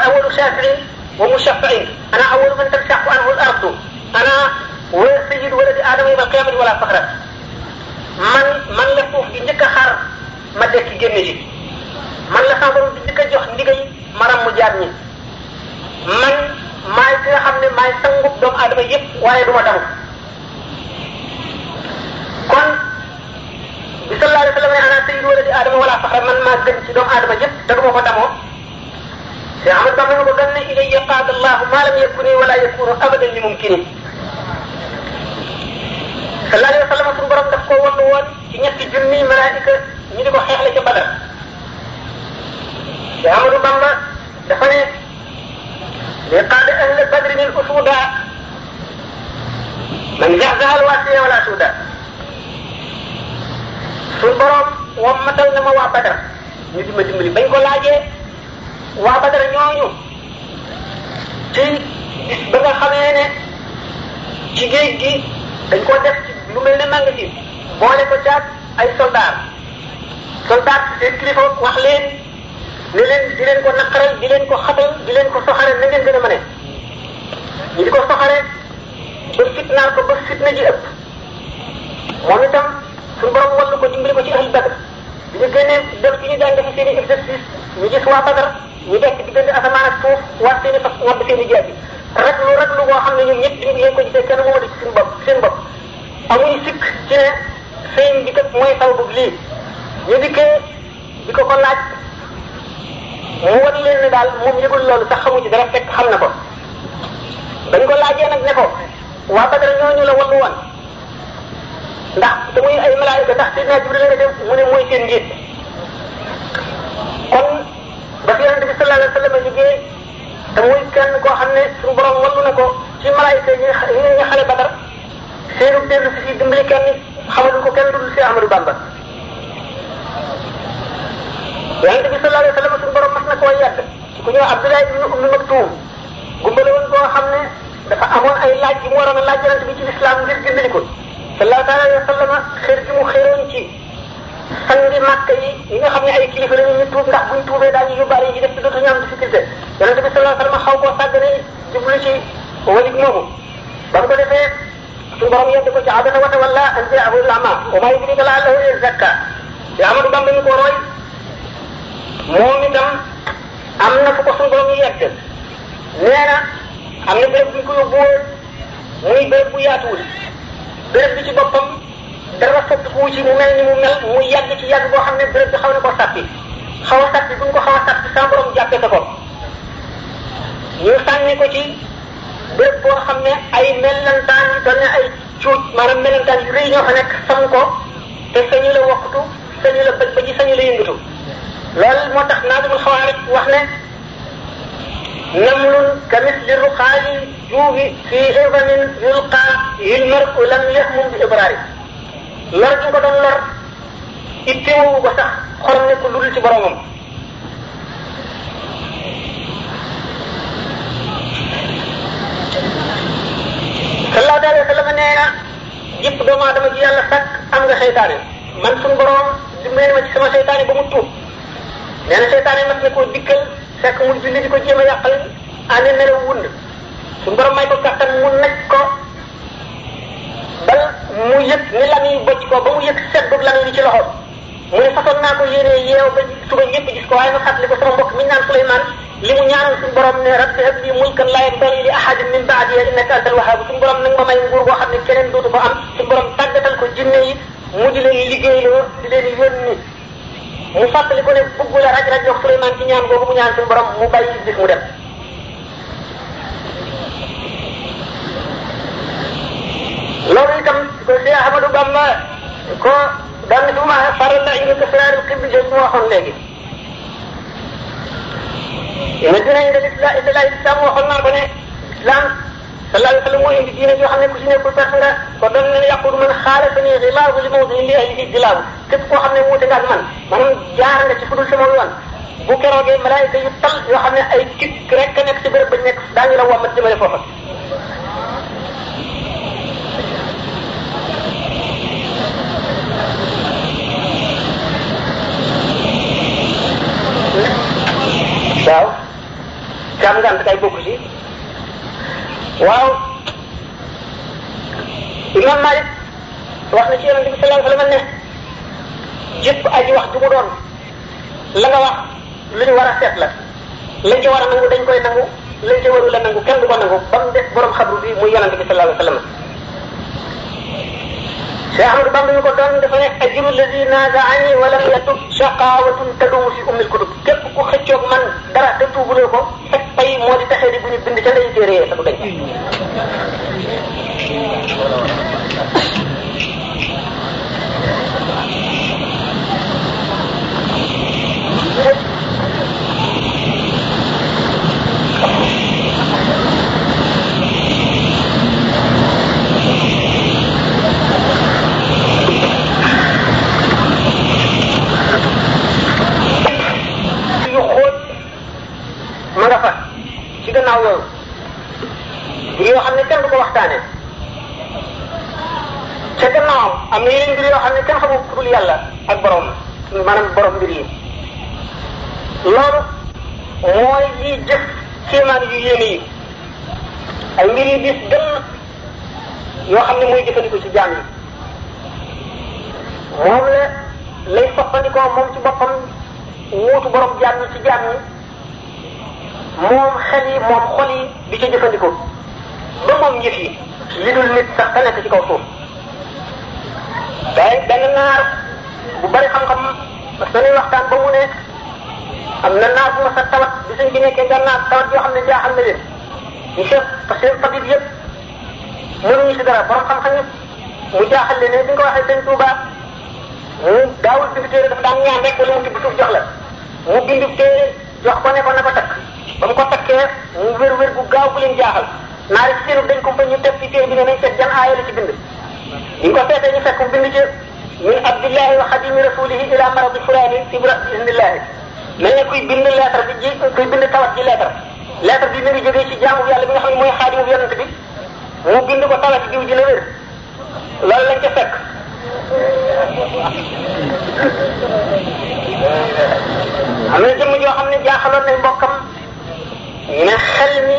awalu shafirin wa mushafiin ana awalu man tansaqu anhu al ardu ana wa sayyidu waladi aadama yawma al qiyamati wala faxra man man la foofu di njëkk a xaar ma def ci génn ji man la sama borom di njëkk a jox ndigal maram mu jaar ñi man maay ki nga xam ne maay sangub doomu aadama yëpp waaye du ma daw kon bi sallallahu alayhi wa sallam ne ana sayyidu waladi aadama wala faxra man maa gën ci doomu aadama yëpp te du ko damoo te Ahmad Bamba ko gën ne ilayya qaada allahu ma lam yakuni wala yakunu abadan li mumkini sallallahu alayhi wa sallam suñu borom daf koo wannu woon ci ñetti junni malaayika ñu di ko xeexle ca Badar ci Amadou Bamba dafa ne li qaada ahla badrin al usuda man zahzaha al wasiya wala suuda suñu borom wammatal na ma waa Badar ñu di ma dimbali bañ ko laajee waa Badar ñooñu ci bis ba nga xamee ne gi dañ ko def lu mel ne magasin boole ko caag ay soldat soldat seen kilifa wax leen ne leen ko naqaral di leen ko xatal di leen ko soxare na ngeen gën a mën ñu di ko soxare ba fitnaal ko ba fitna ji ëpp moom itam suñu borom wallu ko dimbali ko ci ahli Badar bi ñu génnee def ci ñu daan def seen i exercice ñu gis waa Badar ñu dekk diggante asamaan ak suuf war seen i fas war seen i jaaj raglu raglu boo xam ne ñun ñëpp ñu ngi ko gisee kenn moo di ci suñu bopp seen bopp amul sikk ci ne sëñ bi moy mooy sababu lii ñu dikkee di ko ko laaj mu wan leen ne daal moom yëgul loolu sax xamu ci dara fekk xam na ko dañ ko laajee nag ne ko waa Badara ñooñu la wallu woon ndax te muy ay malaayika ndax Seydina Jibril la def mu ne mooy seen njiit kon ba fi yonente bi sallallahu alayhi wa sallam liggéey te muy kenn koo xam ne suñu borom wallu na ko ci malaayika yi nga xale Badar seenu dellu si si dimbali kenn xamalu ko kenn dul si Amadou Bamba. yonente bi sallallahu alayhi wa sallam suñu borom mas na koo yedd ku ñëw Abdoulaye ibnu Ummi Maktum gumbale woon boo xam ne dafa amoon ay laaj yu mu waroon a laaj yonente bi ci lislaam ngir dimbali ko sallallahu alayhi wa sallam xër gi mu xëroon ci sangi màkk yi yi nga xam ne ay kilifa la ñu tuub ndax buñ tuubee daal ñu yóbbaale yi def ci dootuñu am difficulté yonente bi sallallahu alayhi wa sallam xaw koo sàggane jublu ci walit moomu ba mu ko defee suñu borom yeddi ko ci adana wa tawalla an jaahu al-ama wa ma yudrika la'allahu yazakka te Amadou Bamba ñu ko roy moom itam am na fu ko suñu borom yegg nee am na béréb bu ñu ko yóbbuwoon muy béréb bu yaatuwul béréb bi ci boppam dara soppiku ci mu mel ni mu mel mu yàgg ci yàgg boo xam ne béréb bi xaw ko sàppi xaw a sàppi ko xaw a sàppi sans borom jàppee sa bopp ñu ko ci. bépp boo xam ne ay melentaan yu doon ne ay cuuj maanaam melentaan yu rëy ñoo fa nekk sam ko te sañu la waxtu sañu la bëj bëji sañu la yëngatu loolu moo tax naadumul xawaarij wax ne namlun kamit li ruqaayi juubi fii ibanin yulqa yil marku lam yaxmum bi ibraari lor gi ko doon lor itteewu ko sax xor ne ko ludul ci boromam sallallahu alayhi wa sallam nee na jëpp doomu aadama ci yàlla sàkk am nga seytaane man suñu borom ma ci sama seytaane ba mu tuub nee na seytaane mas na koo dikkal fekk mu julli di ko jéem a yàqal ànd na la wund suñu borom may ko kàttan mu naj ko bal mu yëg ni lan yi ko ba mu yëg set boog lan yi ci loxoom mu ne façon naa ko yéene yeew ba suba ñëpp gis ko waaye ma fàttali ko sama naan Souleymane li mu ñaanoon suñu borom ne rabbi habli mulkan laa yanbaghi li ahadin min ba'di innaka antal wahhab suñu borom nag ma may nguur boo xam ne keneen dootu ko am suñu borom tàggatal ko jinne yi mu di leen liggéeyloo di leen yónni mu fàttali ko ne bëggu la raj raj wax Souleymane ci ñaan boobu mu ñaan suñu borom mu bàyyi bis mu dem. loolu itam ko Cheikh Ahmadou Bamba ko. daan na fi mu ah faral naa yéen a sëlaale kër bi jëm moo waxoon léegi. yéen dinañ leen isla isla islam waxoon naa ko ne islam sallallahu a wa sallam mooy indi diine yoo xam ne ku si nekkul perte nga kon dañ leen yàqul man xaaral seen i xilaafu li mawdu li ahlihi xilaafu képp koo xam ne wuute nga ak man maanaam jaar nga ci fudul sama yoon bu keroogee a yu tal yoo xam ne ay kik rek nekk si béréb ba nekk daañu la wàmmat jëmale foofa. waaw ci am ngant kay bokk ci waaw imam Malik wax na ci yonente bi sallallahu alayhi wa sallam ne jëpp aji wax ju mu doon la nga wax lu ñu war a seet la lañ ca war a nangu dañ koy nangu lañ ca warul la nangu kenn du ko nangu ba mu des borom bi muy yonente bi sallallahu alayhi wa Cheikh Ahmadou Bamba ñu ko doon dafa ne ajiru lazi naazaani wa lam yatub shaqaawatun tadumu fi ummil kutub képp ku xëccoog man dara te tuubulee ko ak pay moo di taxee di bu ñu bind ca ndeyu téere yee dafa dañ Thank you. ci gannaaw loolu yoo xam ne kenn du ko waxtaane ca gannaawam am na yeneen mbir yoo xam ne kenn xamul ku dul yàlla ak borom maanaam borom mbir yi loolu mooy liy jëf kéemaan yu yéene yi ay mbir yu bis gën yoo xam ne mooy jëfandiku ci jaam yi moom la lay soppandikoo moom ci boppam wuutu borom jaam yi ci jaam yi moom xel yi moom xol yi di ca jëfandikoo ba moom yëf yi li dul nit sax ka nekk ci kaw suuf day benn naar bari xam-xam parce que waxtaan ba mu ne am na naar bu ma sa tawat bi suñ bi nekkee gànnaar tawat yoo xam ne jaaxal na leen ñu seet parce que tabib yëpp mënuñu si dara borom xam-xam yëpp mu jaaxal leen ne bi nga ko waxee sëñ Tuuba mu daawul bind téere dafa daan ñaan rek wala mu tibb suuf jox la mu bind téere jox ko ne ko na ko takk ba mu ko takkee mu wér wér gu gaaw bu leen jaaxal naar yi ci seenu dañ ko fa ñu def ci téere bi ne nañ seet jan aaya la ci bind ñu ko seetee ñu fekk mu bind ci min abdillahi wa xadimi rasulihi ila maradi fulaani ibra bi indillahi mel ne kuy bind lettre bi ji kuy bind tawat ji lettre lettre bi mi ngi jógee ci jaamu yàlla bi nga xam ne mooy xaadimu yonent bi mu bind ko tawat diw dina wér loolu lañ ca fekk am na jëmm mu ne xel mi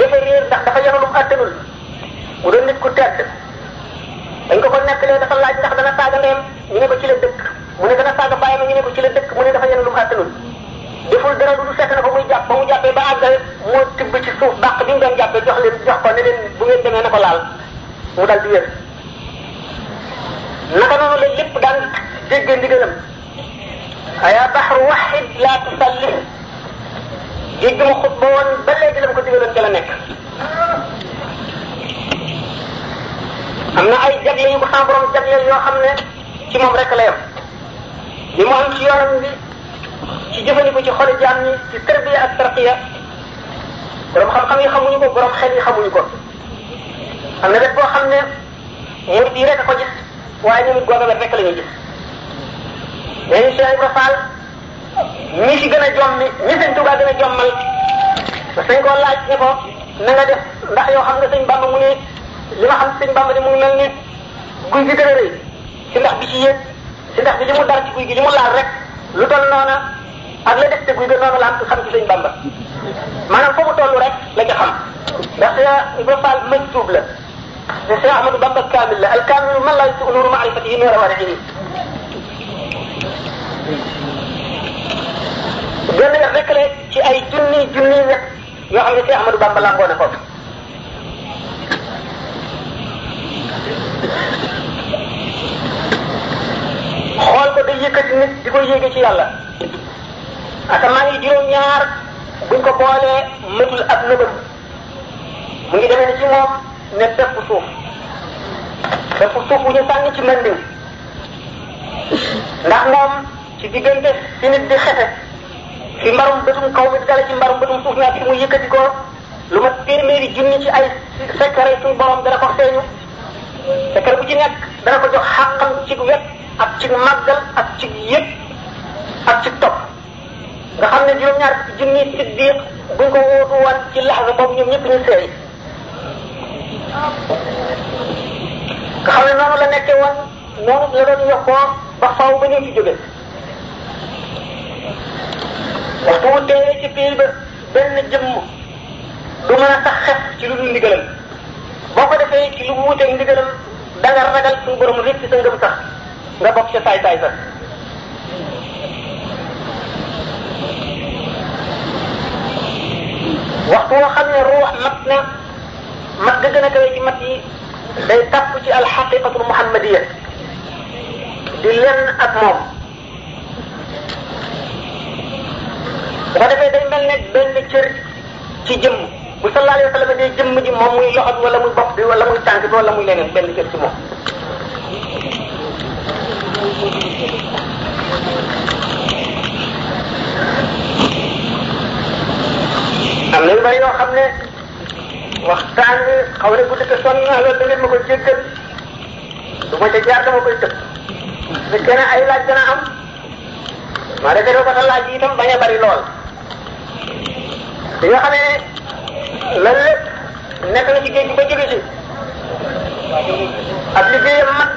dafa réer ndax dafa yoralum àttanul mu doon nit ku tedd dañ ko ko nettalee dafa laaj ndax dana saaga ndeyam ñu ne ko ci la dëkk mu ne dana saaga bàyyi ma ñu ne ko ci la dëkk mu ne dafa yoralum àttanul deful dara lu fekk na ba muy jàpp ba mu jàppee ba àgg ci suuf bàq bi mu doon jàppee jox leen jox ko ne leen bu ngeen demee na ko laal mu dal di wér naka noonu la lépp daan dégg ndigalam ayaa baxru waxid laa tusalli géej gi mu xut ba woon ba léegi la mu ko digaloon ca la nekk. am na ay jagle yu ko sama borom jagleel yoo xam ne ci moom rek la yem li mu am ci yoonam bi ci jëfandiku ci xoli jaam ñi ci tarbiya ak tarqiya borom xam-xam yi xamuñu ko borom xel yi xamuñu ko am na def boo xam ne murid yi rek a ko gis waaye ñun góor rek la ñuy gis. léegi Cheikh Ibrahima Fall ñi i gën a jommi ñi sëñ Tuubaa gën a jommal dañ koo laaj ko na nga def ndax yow xam nga sëñ Bamba mu ne li ma xam sëñ Bamba de mu ngi mel guy gi gën a rëy ci ndax bi ci yéeg ci ndax bi li mu dar ci guy gi li mu laal rek lu toll noona ak la def te guy ga noonu la am xam ci sëñ Bamba maanaam foofu tollu rek la ca xam ndax Ibra Fall majtuub la te Cheikh Ahmadou Bamba kaamil la al kaamilu man laa yutu nuuru maarifatihi a wara'ihi benn wet rek la ci ay junni junni wet yoo xam ne Cheikh Ahmadou Bamba làmboo na xool ko day yëkkati nit di ko yéege ci yàlla asamaan yi juróom-ñaar buñ ko boolee mëtul ab nëbëm mu ngi demee ni ci moom ne bépp suuf bépp suuf bu ñu sànni ci mën ndax moom ci diggante ci nit di xefe ci mbarum bëtum kaw mi dala ci mbarum bëtum suuf mi ak fi muy yëkkati ko lu ma téeméeri junni ci ay sekkare suñu borom dana ko feeñu sekkare bu ci nekk dana ko jox xàqam ci wet ak ci màggal ak ci yëpp ak ci topp nga xam ne juróom-ñaar junni siddiq buñ ko wóotu woon ci laxasa boobu ñoom ñëpp ñu seey nga xam ne noonu la nekkee woon noonu la doon yokkoo ba faw ba ñu ci jóge waxtu wu teewee ci pays benn jëmm du mën a ci lu du ndigalam boo ko defee ci lu wuuteeg ndigalam da nga ragal suñu borom ci sa ngëm sax nga bokk ca saay-saay sax. waxtu woo xam ne ruux mat na mat ga gën a kawe ci mat yi day tàpp ci alxaqiqatul muhammadiya di lenn ak moom. bu ko defee day mel ne benn cër ci jëmm bu sallallahu alayhi wa sallam day jëmm ji moom muy loxo bi muy bopp bi wala muy tànk bi muy leneen benn cër ci moom. am na yu bëri yoo xam ne waxtaan bi xaw na guddi te sonn naa loolu da ngeen ma koy du ma ca jaar dama koy tëb su ne ay laaj dana am maa defee ba ko laaj yi itam bañ a bari lool. li nga xamee ne lan lépp nekk na ci géej gi ba jóge ci ak liggéeyam mat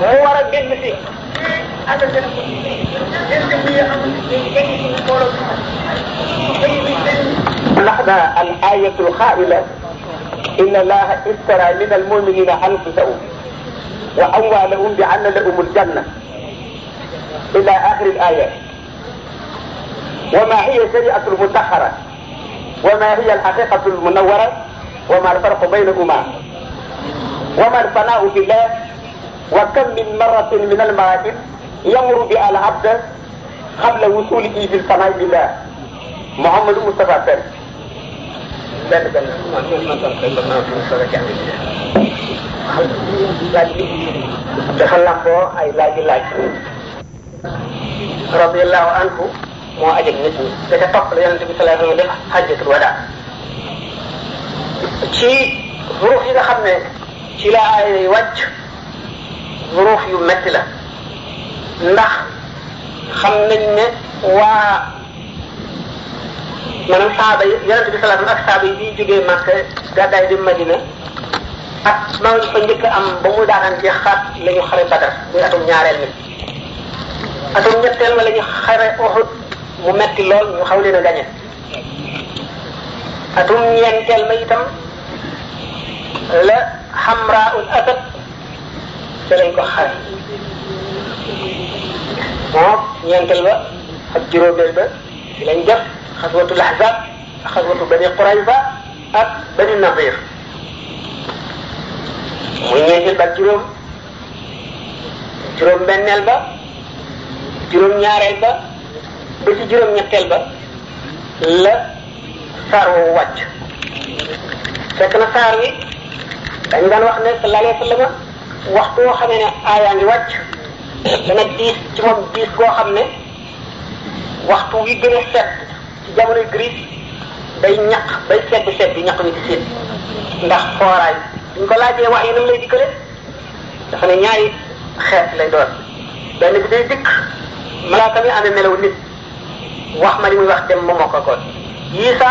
mu war a génn si ndax na al ayatul xaa'ila inna allaha ishtara min al muminina anfusahum wa amwalahum bi anna lahum al janna ila axiri al ayat وما هي الشريعة المسخرة وما هي الحقيقة المنورة وما الفرق بينهما وما الفناء في الله وكم من مرة من المراتب يمر بها العبد قبل وصوله في الفناء بالله محمد مصطفى سالم dafa lamboo ay laaji laaj radiyallahu anhu moo ajeg nit ñi da ca topp la yonente bi sallallahu alayhi wa sallam def xajjatul wada ci xuruuf yi nga xam ne ci la ay wàcc xuruuf yu metti la ndax xam nañ ne waa maanaam saaba yi yonente bi sallallahu alayhi wa sallam ak saaba yi biy jógee Makka gàddaay di Madina ak nawet fa njëkk am ba mu daanan jeex xaat la ñu xare Badar muy atum ñaareel mi atum ñetteel ma la ñu xare Uhud mu metti lool ñu xaw leen a gañe atum ñeenteel ma itam la xamraul asad ci lañ ko xare moom ñeenteel ba ak juróomeel ba ci lañ def xaswatul ahzab ak xaswatu bani qurayza ak bani nadir muy ñeenteel ba ak juróom juróom benneel ba juróom ñaareel ba ba ci juróom-ñetteel ba la saar woowu wàcc fekk na saar wi dañ daan wax ne sallallahu alayhi wa sallam waxtu woo xamee ne aayaa ngi wàcc dana diis ci moom diis goo xam ne waxtu wi gën a sedd ci jamono grise day ñaq bay sedd sedd ñaq mi ci seen ndax fooraay duñ ko laajee wax yi nam lay dikkale dafa ne ñaari xeet lay doon benn bi day dikk malaaka mi amee melaw nit wax ma li muy wax dem ma mokk ko Isa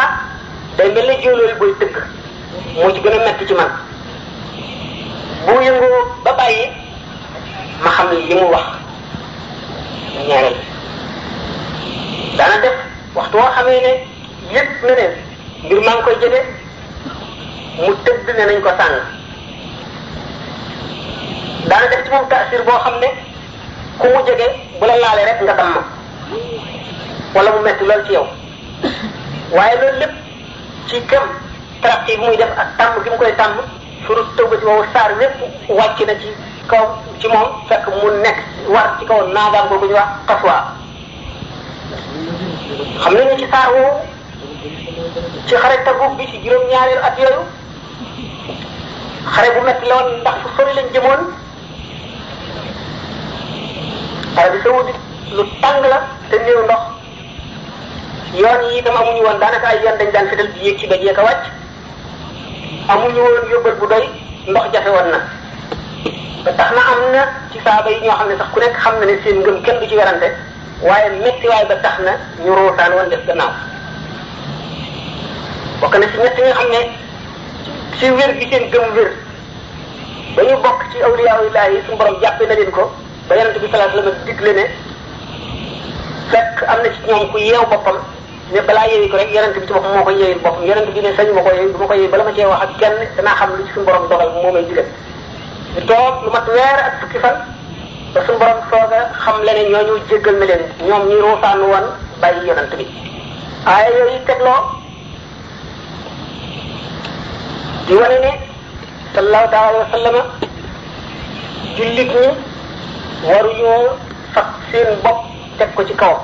day mel ni jóolóol buy tëgg moo ci gën a metti ci man bu yëngoo ba bàyyi ma xam li mu wax ñaareel daana def waxtu woo xamee ne yëpp ne mbir maa koy jëlee mu tëdd ne nañ ko sàng daana def ci moom taasir boo xam ne ku mu jege bu la laalee rek nga damm wala mu metti lool ci yow waaye loolu lépp ci gëm tracté bu muy def ak tàmm gi mu koy tàmm surut tëwba ci wow saar lépp wàcc ci kaw ci moom fekk mu nekk war ci kaw naagaam boobu ñu wax taswa xam nañu ci saar woowu ci xare Tabuk bi ci juróom-ñaareelu at yooyu xare bu metti la woon ndax fu sori lañ jëmoon Arabie Saoudite lu tàng la te néew ndox yoon yi itam amuñu woon daanaka ay yoon dañ daan fetal di yéeg ci ba jeek a wàcc amuñu woon yóbbal bu doy ndox jafe woon na ba tax na am na ci saaba yi ñoo xam ne sax ku nekk xam na ne seen ngëm kenn ci werante waaye metti waay ba tax na ñu ruusaan woon def gannaaw bokk na ci ñett nga xam ne ci wér gi seen gëm wér ba ñu bokk ci awliyaayu laay yi suñu borom jàppee na leen ko ba yonente bi sallallahu alayhi wasallam digle ne fekk am na ci ñoom ku yeew boppam ne balaa yeewi ko rek yonent bi ci boppam moo koy yeewil boppam bi ne sañ ma ko yeewi bala ma cee wax ak kenn danaa xam lu ci suñu borom dogal moo may ñu toog lu a xam leneen ñooñu jéggal na leen ñoom ñi jullit ñi waruñoo fab seen bopp teg ko ci kaw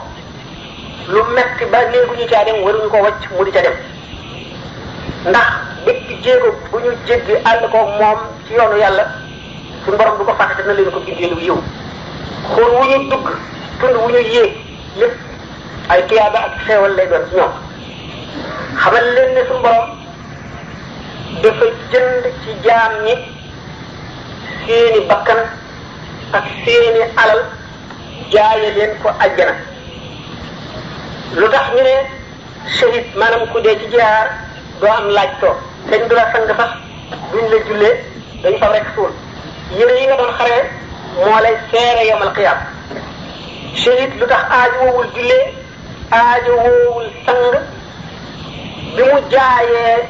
lu metti ba néeguñu caa dem waruñu ko wacc mu di ca dem ndax bépp jéego bu ñu jéggi àll ko moom ci yoonu yàlla suñu borom du ko fàtte dina leen ko gindeelu yiw xool wu ñu dugg tund wu ñu yéeg lépp ay tuyaaba ak xeewal lay doon ñoom xamal leen ne suñu borom dafa jënd ci jaam ñi seeni bakkan ak seeni alal jaaye leen ajjana lu tax ñu ne shahid maanaam ku dee ci jihaar doo am laaj too sëñ du la sang sax duñ la jullee dañ fab rek suul yére yi nga doon xaree moo lay seere yomal xiyaam shahid lu tax aajo woowul jullee aajo woowul sang bi mu jaayee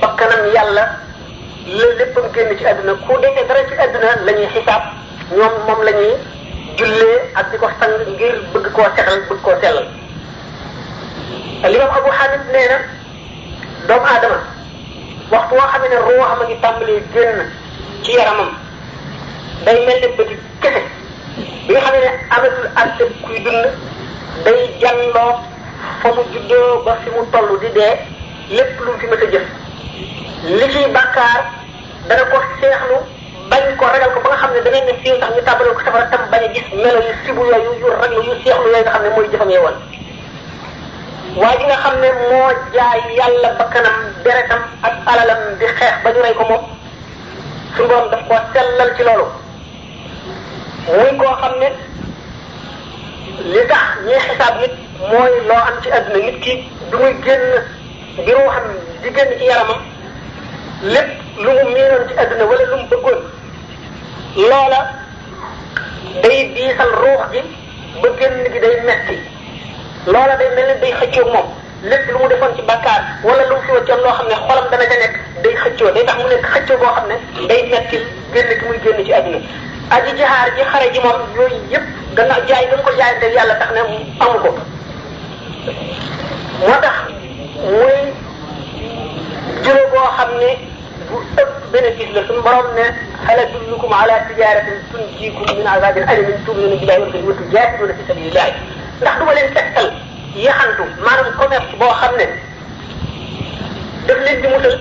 bakkanam yàlla la léppam génn ci àdduna ku dee dara ci àdduna lañuy ñuy xisaab ñoom moom la jullee ak di ko sang ngir bëgg koo setal bëgg koo sellal limam Abu Hanif nee na doomu aadama waxtu woo xam ne ruuxa ma ngi tàmbalee génn ci yaramam day mel ne bëti kese bi nga xam ne amatul àtte kuy dund day jàlloo fa mu juddoo ba fi mu toll di dee lépp lu fi mës a jëf li ciy bàkkaar dana ko seexlu bañ ko ragal ko ba nga xam ne danañ ne siiw tax ñu tàmbalee ko safara tam bañ a gis melo yu sibu yooyu yu raglu yu seexlu yooyu nga xam ne mooy jëfam woon waa ji nga xam ne moo jaay yàlla bakkanam deretam ak alalam di xeex ba ñu rey ko moom suñu borom daf ko sellal ci loolu muy koo xam ne li tax ñuy xisaab nit mooy loo am ci àdduna nit ki du muy génn di ruuxam di génn yaramam lépp lu mu miinoon ci àdduna wala lu mu bëggoon loola day diisal ruux gi ba génn gi day metti loola day mel ni day xëccoo moom lépp lu mu defoon ci bàkkaar wala lu mu fi loo xam ne xolam dana ca nekk day xëccoo day tax mu nekk xëccoo boo xam ne day metti génn ki muy génn ci àdduna aji jihaar ji xare ji moom yooyu ko jaayante yàlla tax ne amu ko moo tax muy julo xam ne bu ëpp bénéfice la suñu borom ne hal adullukum ala tijaratin tunjikum min azabin alimin tu'minuna billahi wa rasulihi fi sabilillah ndax du ma leen tegtal yaxantu maanaam commerce boo xam ne daf leen di musal